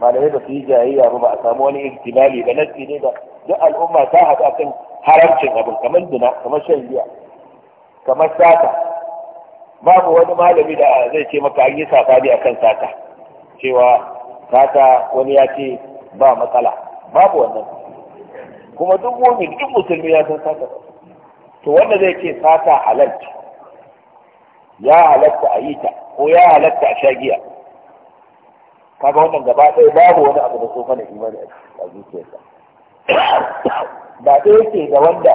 malamai ba su yi jayayya ba a samu wani ihtimali ba nassi ne da duk al'umma ta haɗu akan haramcin abin kamar dina kamar shan giya kamar sata babu wani malami da zai ce maka an yi safari akan sata cewa sata wani ya ce ba matsala babu wannan kuma duk wani duk musulmi ya san sata to wanda zai ce sata halalci ya halatta a yi ta ko ya halatta a shagiya kaga wannan gaba ɗaya babu wani abu da so mana imani a zuciyarsa ba ɗaya yake ga wanda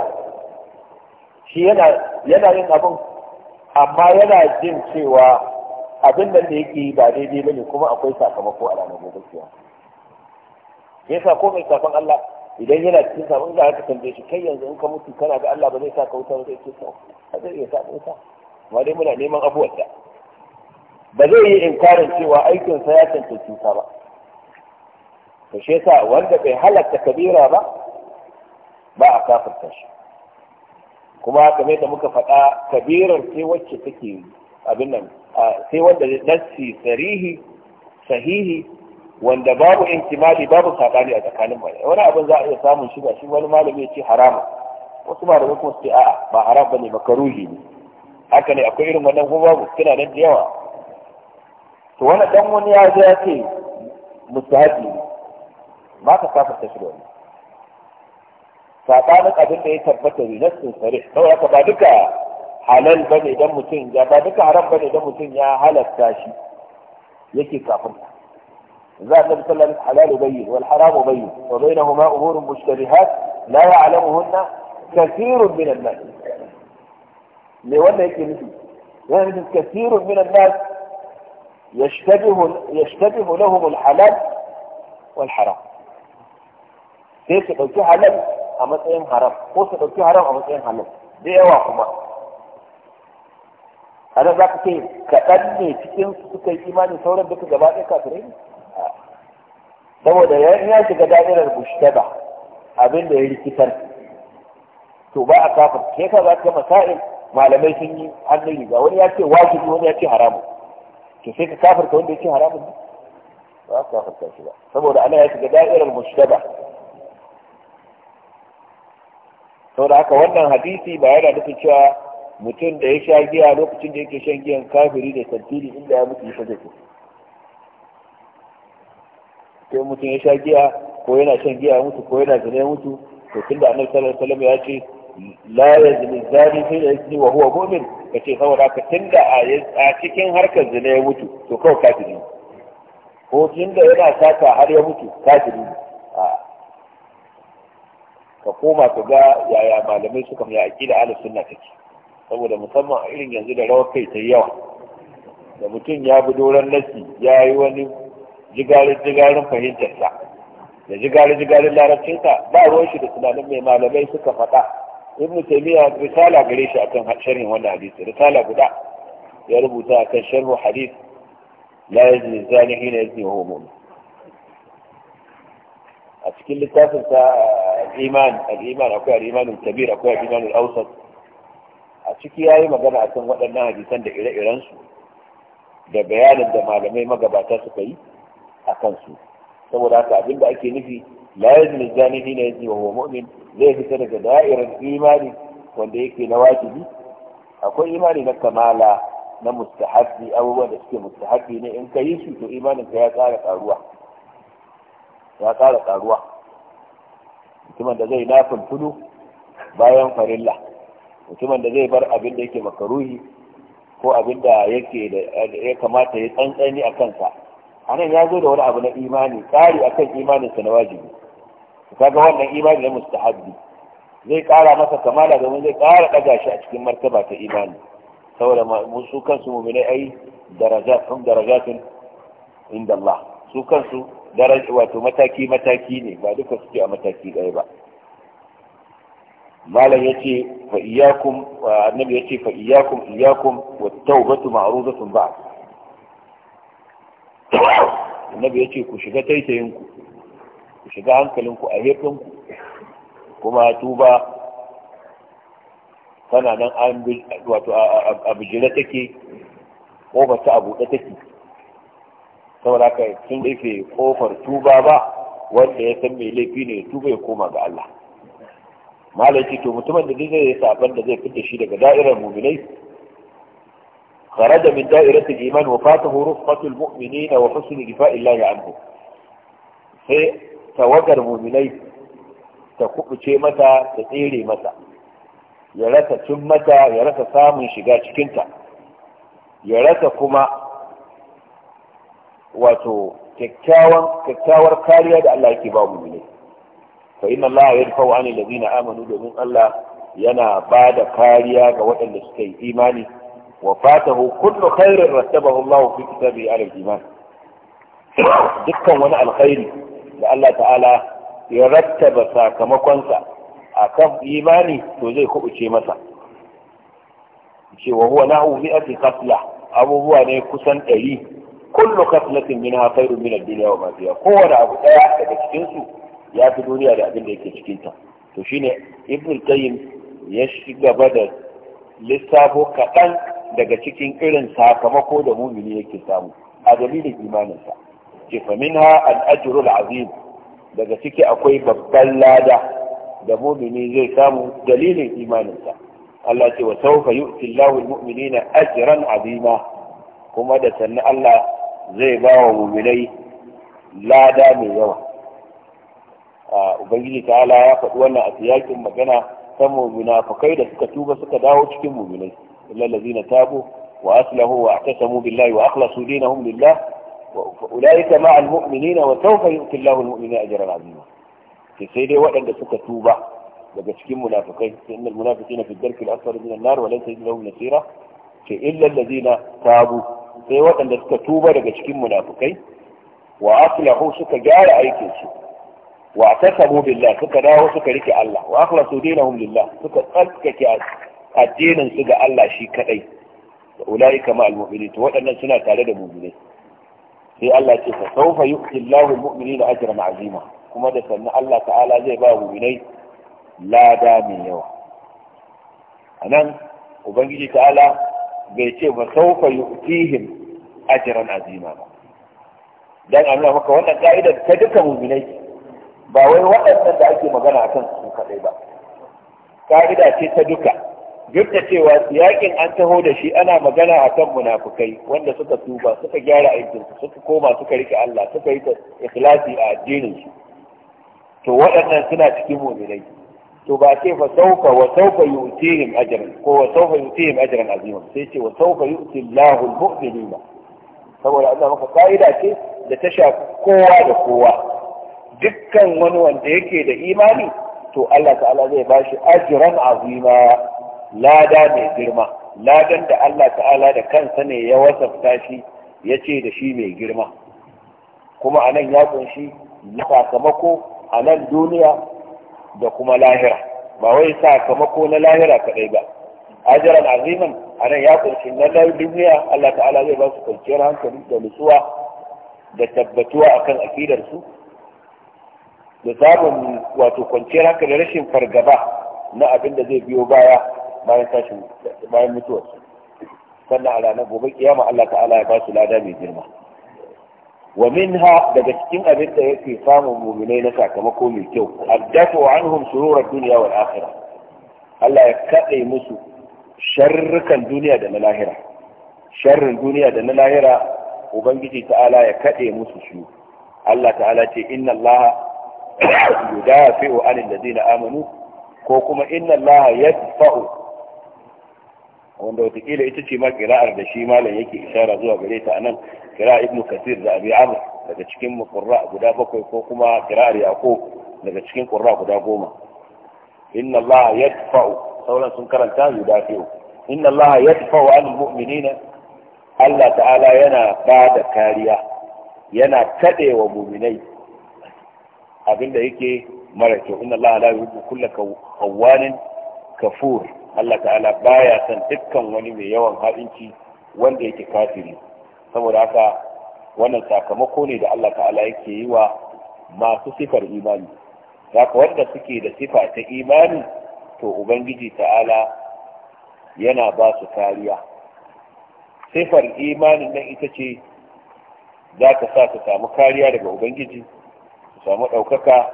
shi yana yin abin amma yana jin cewa abin da yake yi ba daidai bane kuma akwai sakamako a ranar gobe kiyama yasa ko mai safan Allah idan yana cikin sabon da aka tambaye shi kai yanzu in ka mutu kana ga Allah ba zai sa ka wuta sa ba zai iya sa wuta amma dai muna neman abuwar da ba zai yi inkarin cewa aikin sa ya cancanci ka ba to shi yasa wanda bai halatta kabira ba ba a kafirta shi kuma kamar da muka faɗa kabirar sai wacce take abin nan sai wanda nassi sarihi sahihi wanda babu intimali babu sabani a tsakanin malamai wani abin za a iya samun shi ba shi wani malami ya ce harama wasu malamai kuma su ce a'a ba haram bane makaruhi ne haka ne akwai irin wannan kuma babu kina nan da yawa to wani dan wani ya ji ya ce mustahabi ne ka kafa ta shi da wani sabanin abin da ya tabbata ne na sun sare saboda ka ba duka halal bane idan mutum ya ba duka haram bane idan mutum ya halatta shi yake kafin زاد النبي صلى الله عليه وسلم الحلال بين والحرام بين وبينهما امور مشتبهات لا يعلمهن كثير من الناس لولا هيك يعني كثير من الناس يشتبه يشتبه لهم الحلال والحرام كيف تقولتي حلال اما تقيم حرام كيف تقولتي حرام اما تقيم حلال دي اواقما انا ذاك كيف كأني تكين سكتك ايماني سورا بك جباكي كافرين saboda ya shiga da'irar mushtaba abin da ya rikitar to ba a kafir ke ka za ka masa'il malamai sun yi hannun riga wani ya ce wajibi wani ya ce haramun to sai ka kafir ka wanda ya ce haramun ne ba ka kafir ka shi ba saboda ana ya shiga da'irar mushtaba saboda haka wannan hadisi ba yana da cewa mutum da ya sha giya lokacin da yake shan giyan kafiri da tantiri inda ya mutu ya zai sai mutum ya sha giya ko yana shan giya mutu ko yana zane mutu to da annabi sallallahu alaihi wasallam ya ce la yazni zani sai da yazni wa huwa mu'min kace saboda ka tunda a cikin harkar zina ya mutu to kawai kafiri ne ko tunda yana saka har ya mutu kafiri ne ka koma ka ga yaya malamai suka ya aqida ala sunna take saboda musamman a irin yanzu da rawar kai ta yawa da mutum ya bi doron nasi ya yi wani jigarin fahimtarsa da jigarin larabcinsa ba ruwan shi da tunanin mai malamai suka faɗa mutum ya risala gare shi akan sharhin wannan hadisi risala guda ya rubuta akan sharhu hadis la yazni zani hina yazni wa huwa mu'min a cikin littafin ta iman al-iman akwai al-iman kabir akwai al-iman al-awsat a ciki yayi magana akan waɗannan hadisan da ire-iren su da bayanin da malamai magabata suka yi a kansu saboda haka abin da ake nufi la yazni zani hina yazni wa huwa mu'min zai fita daga da'irar imani wanda yake na wajibi akwai imani na kamala na mustahabbi abubuwan da suke mustahabbi ne in ka yi su to imanin ka ya ƙara ƙaruwa ya ƙara ƙaruwa mutumin da zai nafin tudu bayan farilla mutumin da zai bar abin da yake makaruhi ko abin da yake da ya kamata ya tsantsani a kansa anan ya zo da wani abu na imani tsari akan imanin sa na wajibi kaga wannan imani na mustahabbi zai kara masa kamala domin zai kara daga shi a cikin martaba ta imani saboda su kansu mu'minai ai darajatun darajatun inda Allah su kansu daraja wato mataki mataki ne ba duka suke a mataki ɗaya ba malam yace fa iyyakum annabi yace fa iyyakum iyyakum wat tawbatu ma'ruzatun ba'd annabi ya ce ku shiga taitayinku ku shiga hankalinku a hefinku kuma tuba tana nan a bijira take kofar ta abuɗe take saboda ka sun rufe kofar tuba ba wanda ya san mai laifi ne tuba ya koma ga Allah malai ce to mutumin da zai zai sabon da zai fita shi daga da'irar mummunai خرج من دائرة الإيمان وفاته رفقة المؤمنين وحسن جفاء الله عنه sai tawagar muminai ta kubuce mata ta tsere mata ya rasa cin mata ya rasa samun shiga cikinta ya rasa kuma wato kyakkyawar kariya da Allah yake ba muminai fa inna Allah ya rufa wa amanu domin Allah yana ba da kariya ga waɗanda suka yi imani وفاته كل خير رتبه الله في كتابه على الإيمان دكا وانا الخير لألا تعالى يرتب ساكمكونسا أكف إيماني توزي كبشي مسا وهو نحو مئة قتلة أبو هو نيكسا أليه كل قتلة منها خير من الدنيا وما فيها قوة أبو تاعك تكتنسو يا في الدنيا لأبن ليك تكتنسا تشيني ابن ibn qayyim بدل shiga da daga cikin irin sakamako da mumini yake samu a dalilin imaninsa ce fa ha al-ajru daga ciki akwai babban lada da mumini zai samu dalilin imaninsa Allah ce wa sawfa yu'ti Allahu al-mu'minina ajran azima kuma da sannan Allah zai ba wa muminai lada mai yawa ubangiji ta'ala ya faɗi wannan a siyakin magana ta mumina kai da suka tuba suka dawo cikin muminai إلا الذين تابوا وأسلموا واعتصموا بالله وأخلصوا دينهم لله أولئك مع المؤمنين وسوف يؤتي الله المؤمنين أجرا عظيما في سيدة وأن سكة توبة وجسكين منافقين فإن المنافقين في الدرك الأسفل من النار ولن تجد لهم نصيرا إلا الذين تابوا في waɗanda suka tuba توبة cikin منافقين وأصلحوا aslahu suka gyara aikin su wa tasabu billah suka dawo suka rike Allah wa akhlasu dinahum addinin su ga Allah shi kadai da ulai kama almu'minin to waɗannan suna tare da mu'minai sai Allah ce fa sawfa yu'ti Allahu almu'minina ajran azima kuma da sannan Allah ta'ala zai ba mu'minai lada mai yawa anan ubangiji ta'ala bai ce fa sawfa yu'tihim ajran azima ba dan a nuna maka wannan ka'idar ta duka mu'minai ba wai waɗannan da ake magana akan su kadai ba ka'ida ce ta duka duk da cewa yakin an taho da shi ana magana a kan munafukai wanda suka tuba suka gyara aikinsu suka koma suka rike Allah suka yi ikhlasi a addinin su. to waɗannan suna cikin mu'minai to ba sai fa sauka wa sauka yu'tihim ajran ko wa sauka yu'tihim ajran azima sai ce wa sauka yu'ti Allahu al-mu'minina saboda Allah maka ka'ida ce da ta shafi kowa da kowa dukkan wani wanda yake da imani to Allah ta'ala zai bashi ajran azima lada mai girma ladan da Allah ta'ala da kansa ne ya wasafta shi ya ce da shi mai girma kuma a nan ya ƙunshi sakamako a nan duniya da kuma lahira ba wai sakamako na lahira kaɗai ba ajiran aziman a nan ya ƙunshi na duniya Allah ta'ala zai ba su kwanciyar hankali da nutsuwa da tabbatuwa akan akidarsu da samun wato kwanciyar hankali rashin fargaba na abin da zai biyo baya bayan tashin bayan mutuwarsu sannan a ranar gobe kiyama Allah ta'ala ya ba su lada mai girma wa minha daga cikin abin da yake samun muminai na sakamako mai kyau addafu anhum sururar duniya wal akhirah Allah ya kade musu sharrukan duniya da na lahira sharrin duniya da na lahira ubangiji ta'ala ya kade musu shiru. Allah ta'ala ce inna Allah yudafi'u anil ladina amanu ko kuma inna Allah yadfa'u wanda watakila ita ce ma kira'ar da shi malam yake ishara zuwa gare ta nan, kira'a ibnu kasir da abi amr daga cikin muqarra guda bakwai ko kuma kira'ar yaqub daga cikin qurra guda goma inna allaha yadfa'u sauran sun karanta da yudafi'u inna allaha yadfa'u al mu'minina Allah ta'ala yana ba da kariya yana wa mu'minai abinda yake mara kyau inna allaha la yuhibbu kulla kawwanin kafur Allah ta'ala baya san dukkan wani mai yawan haɗinci wanda yake kafiri saboda haka wannan sakamako ne da Allah ta'ala yake yi wa masu sifar imani haka wanda suke da sifa ta imani to ubangiji ta'ala yana ba su kariya sifar imanin nan ita ce za ta sa su samu kariya daga ubangiji su samu ɗaukaka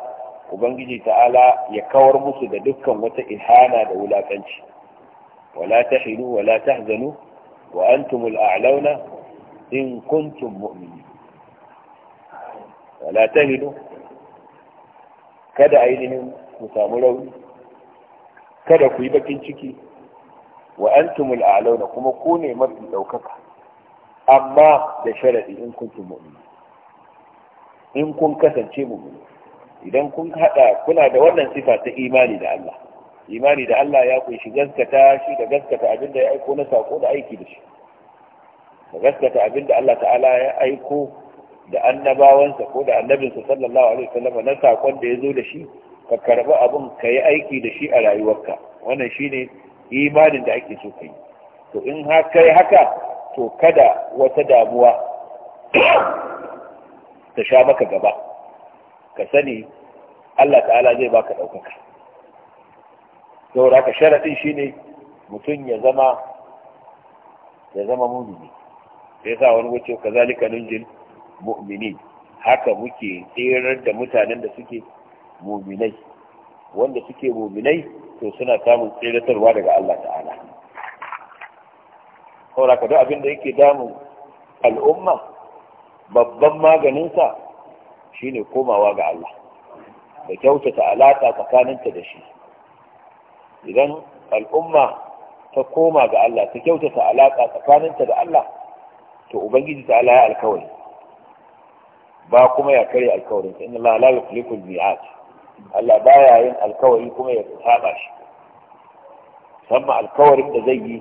ubangiji ta'ala ya kawar musu da dukkan wata ihana da wulaƙanci ولا تحنوا ولا تحزنوا وأنتم الأعلون إن كنتم مؤمنين ولا تهنوا كذا عينهم متاملون كذا قيبك انشكي وأنتم الأعلون كما كوني مرضي توقف أما لشرعي إن كنتم مؤمنين إن كنتم كثن مؤمنين إذا كنت هذا كنا دولنا صفات إيماني لأ الله imani da Allah ya kunshi gaskata shi da gaskata abin da ya aiko na sako da aiki da shi da gaskata abin da Allah ta'ala ya aiko da annabawansa ko da annabinsa sallallahu alaihi wasallam na sakon da ya zo da shi ka karba abin ka yi aiki da shi a rayuwarka wannan shine imanin da ake so ka yi to in haka yi haka to kada wata damuwa ta sha maka gaba ka sani Allah ta'ala zai baka ɗaukaka saboda haka sharaɗin shine mutum ya zama ya zama mumini sai sa wani wuce zalika ninjin mu'mini haka muke tserar da mutanen da suke muminai wanda suke muminai to suna samun tseratarwa daga Allah ta'ala saboda haka duk abin da yake damun al'umma babban maganinsa shine komawa ga Allah da kyautata alaƙa tsakaninta da shi idan al'umma ta koma ga Allah ta kyautata alaƙa tsakaninta da Allah to ubangiji ta Allah ya alkawari ba kuma ya karya alkawarin inna Allah la yukhliqu al-mi'ad Allah baya yin alkawari kuma ya saba shi musamman alkawarin da zai yi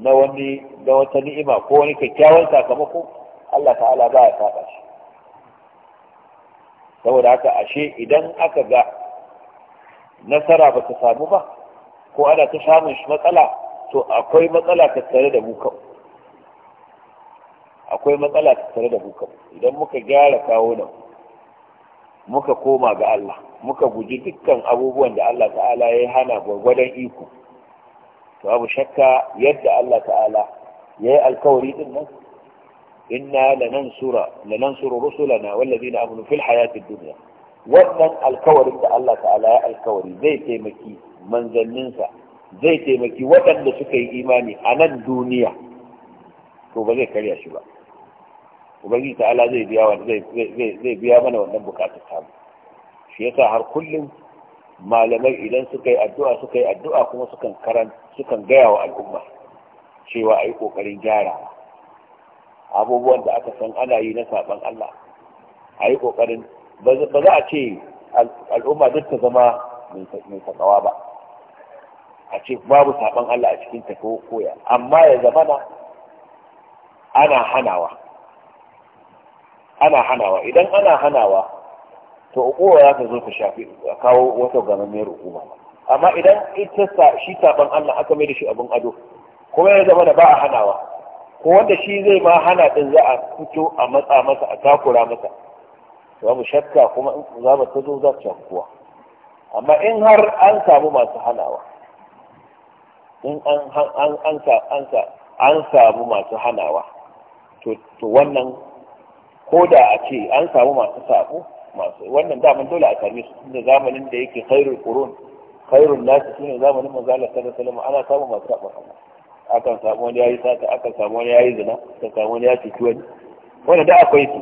na wani da wata ni'ima ko wani kyakkyawan sakamako Allah ta'ala baya saba shi saboda haka ashe idan aka ga nasara ba ta samu ba ko ana ta samun shi matsala to akwai matsala tare da mu kawai akwai matsala tare da mu kawai idan muka gyara kawo nan muka koma ga Allah muka guji dukkan abubuwan da Allah ta'ala ya hana gwargwadon iko to abu shakka yadda Allah ta'ala ya yi alkawari din nan inna lanansura lanansuru rusulana wallazina amanu fil hayatid dunya wannan alkawarin da Allah ta'ala ya alkawari zai taimaki manzanninsa zai taimaki waɗanda suka yi imani a nan duniya to ba zai karya shi ba ubangiji ta'ala zai biya wa zai biya mana wannan bukatar ta shi yasa har kullum malamai idan suka yi addu'a suka yi addu'a kuma sukan karan sukan gaya wa al'umma cewa ai kokarin ƙoƙarin gyara abubuwan da aka san ana yi na saban Allah a yi ƙoƙarin ba za a ce al'umma duk ta zama mai sakawa ba a ce babu saban Allah a cikin ta koya amma ya zama na ana hanawa ana hanawa idan ana hanawa to ukuwa za ta zo ta shafi a kawo wata gamammiyar hukuma amma idan ita shi saban Allah aka mai da shi abin ado kuma ya zama da ba a hanawa ko wanda shi zai ma hana din za a fito a matsa masa a takura masa za mu shakka kuma in za ta zo za ta kuwa amma in har an samu masu hanawa in an samu masu hanawa to wannan ko da a ce an samu masu sabo masu wannan daman dole a same su tunda zamanin da yake khairul qurun khairul nas shine zamanin manzo Allah sallallahu alaihi wasallam ana samu masu sabo akan samu wani yayi sata akan samu wani yayi zina akan samu wani ya cuci wani wanda da akwai su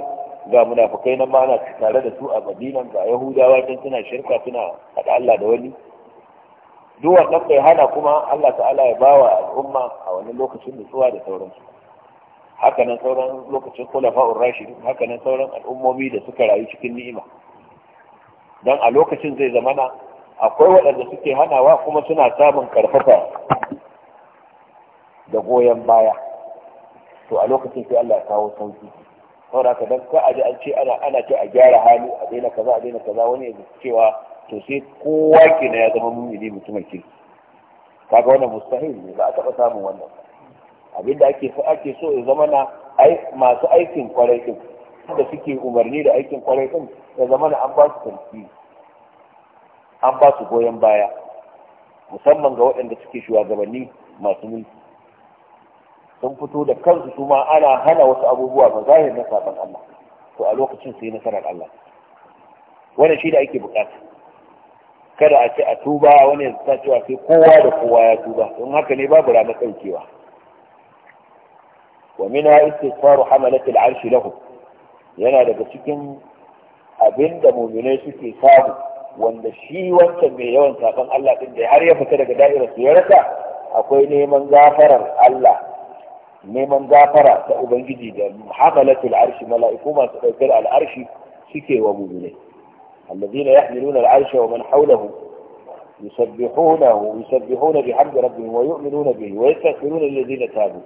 ga munafukai nan ma ana tare da su a Madina ga Yahudawa can suna shirka suna hada Allah da wani duk wannan bai hana kuma Allah ta'ala ya bawa al'umma a wani lokacin nutsuwa da sauransu haka nan sauran lokacin khulafa'ur rashidin haka nan sauran al'ummomi da suka rayu cikin ni'ima dan a lokacin zai zamana akwai waɗanda suke hanawa kuma suna samun karfafa da goyon baya to a lokacin sai Allah ya kawo sauki saboda ka dan ka aje an ce ana ana ce a gyara hali a daina kaza a daina kaza wani ya cewa to sai kowa ke na ya zama mumini mutumin kiri kaga wannan mustahil ne ba a taɓa samun wannan abin da ake so ake so ya zama na masu aikin kwarai din da suke umarni da aikin kwarai din ya zama na an ba su tarki an ba su goyon baya musamman ga waɗanda suke shugabanni masu mulki sun fito da kansu su ma ana hana wasu abubuwa ga zahirin na saban Allah to a lokacin sai nasarar Allah wannan shi da ake bukata kada a ce a tuba wani ya sa cewa sai kowa da kowa ya tuba don haka ne babu ranar ɗaukewa wa mina istighfaru hamalatul arshi lahu yana daga cikin abin da muminai suke samu wanda shi wancan mai yawan saban Allah din da har ya fita daga da'irar su ya rasa akwai neman gafarar Allah neman gafara ta ubangiji da hamalatul arshi mala'iku masu ɗaukar al'arshi suke wa muminai الذين يحملون العرش ومن حوله يسبحونه يسبحون بحمد ربهم ويؤمنون به ويستغفرون الذين تابوا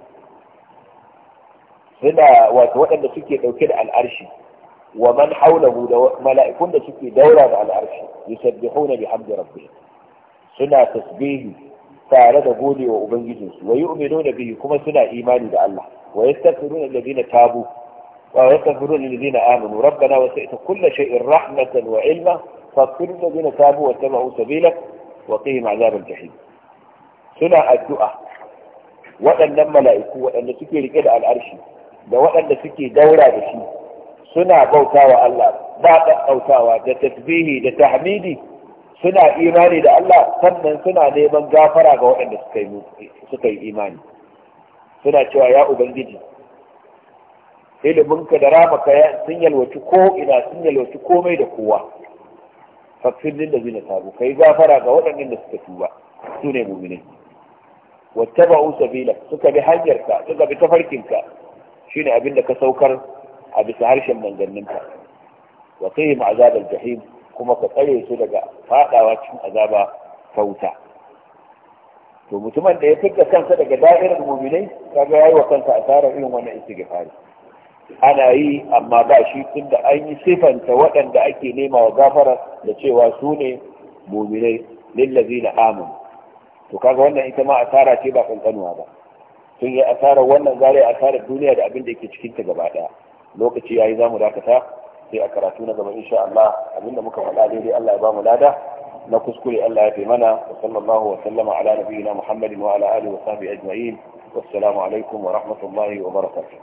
هنا وتوكل سكي توكل على العرش ومن حوله ملائكة سكي دورا على العرش يسبحون بحمد ربهم سنة تسبيح تعالى قولي ويؤمنون به كما سنة إيمان بالله ويستغفرون الذين تابوا ويستغفرون للذين آمنوا ربنا وسئت كل شيء رحمة وعلما فاغفر الذين تابوا واتبعوا سبيلك وقهم عذاب الجحيم سنة الدعاء waɗannan mala'iku waɗanda suke riƙe da al'arshi da waɗanda suke daura da shi suna bautawa Allah ba bautawa da tasbihi da tahmidi suna imani da Allah sannan suna neman gafara ga waɗanda suka yi imani suna cewa ya ubangiji iliminka da ka sun yalwaci ko ina sun yalwaci komai da kowa fakfin da zina sabu kai gafara ga waɗannan da suka tuba su ne mu'minai usa sabila suka bi hanyarka suka bi tafarkinka shine abin da ka saukar a bisa harshen manzanninka wa qihim azab al-jahim kuma ka tsare su daga fadawa cikin azaba ta wuta to mutumin da ya fitta kansa daga da'irar mu'minai kaga yayi wa kansa asarar irin wannan istighfari ana yi amma ba shi tunda an yi sifanta waɗanda ake nema wa gafara da cewa su ne muminai lillazi na amin to kaga wannan ita ma asara ce ba kankanuwa ba sun yi asarar wannan zare asarar duniya da abin da yake ta gaba ɗaya lokaci yayi za mu dakata sai a karatu na gaba insha Allah abinda muka faɗa daidai Allah ya ba mu lada na kuskure Allah ya mana wa sallallahu wa sallama ala nabiyina Muhammadin wa ala alihi wa sahbihi ajma'in wassalamu alaikum wa rahmatullahi wa barakatuh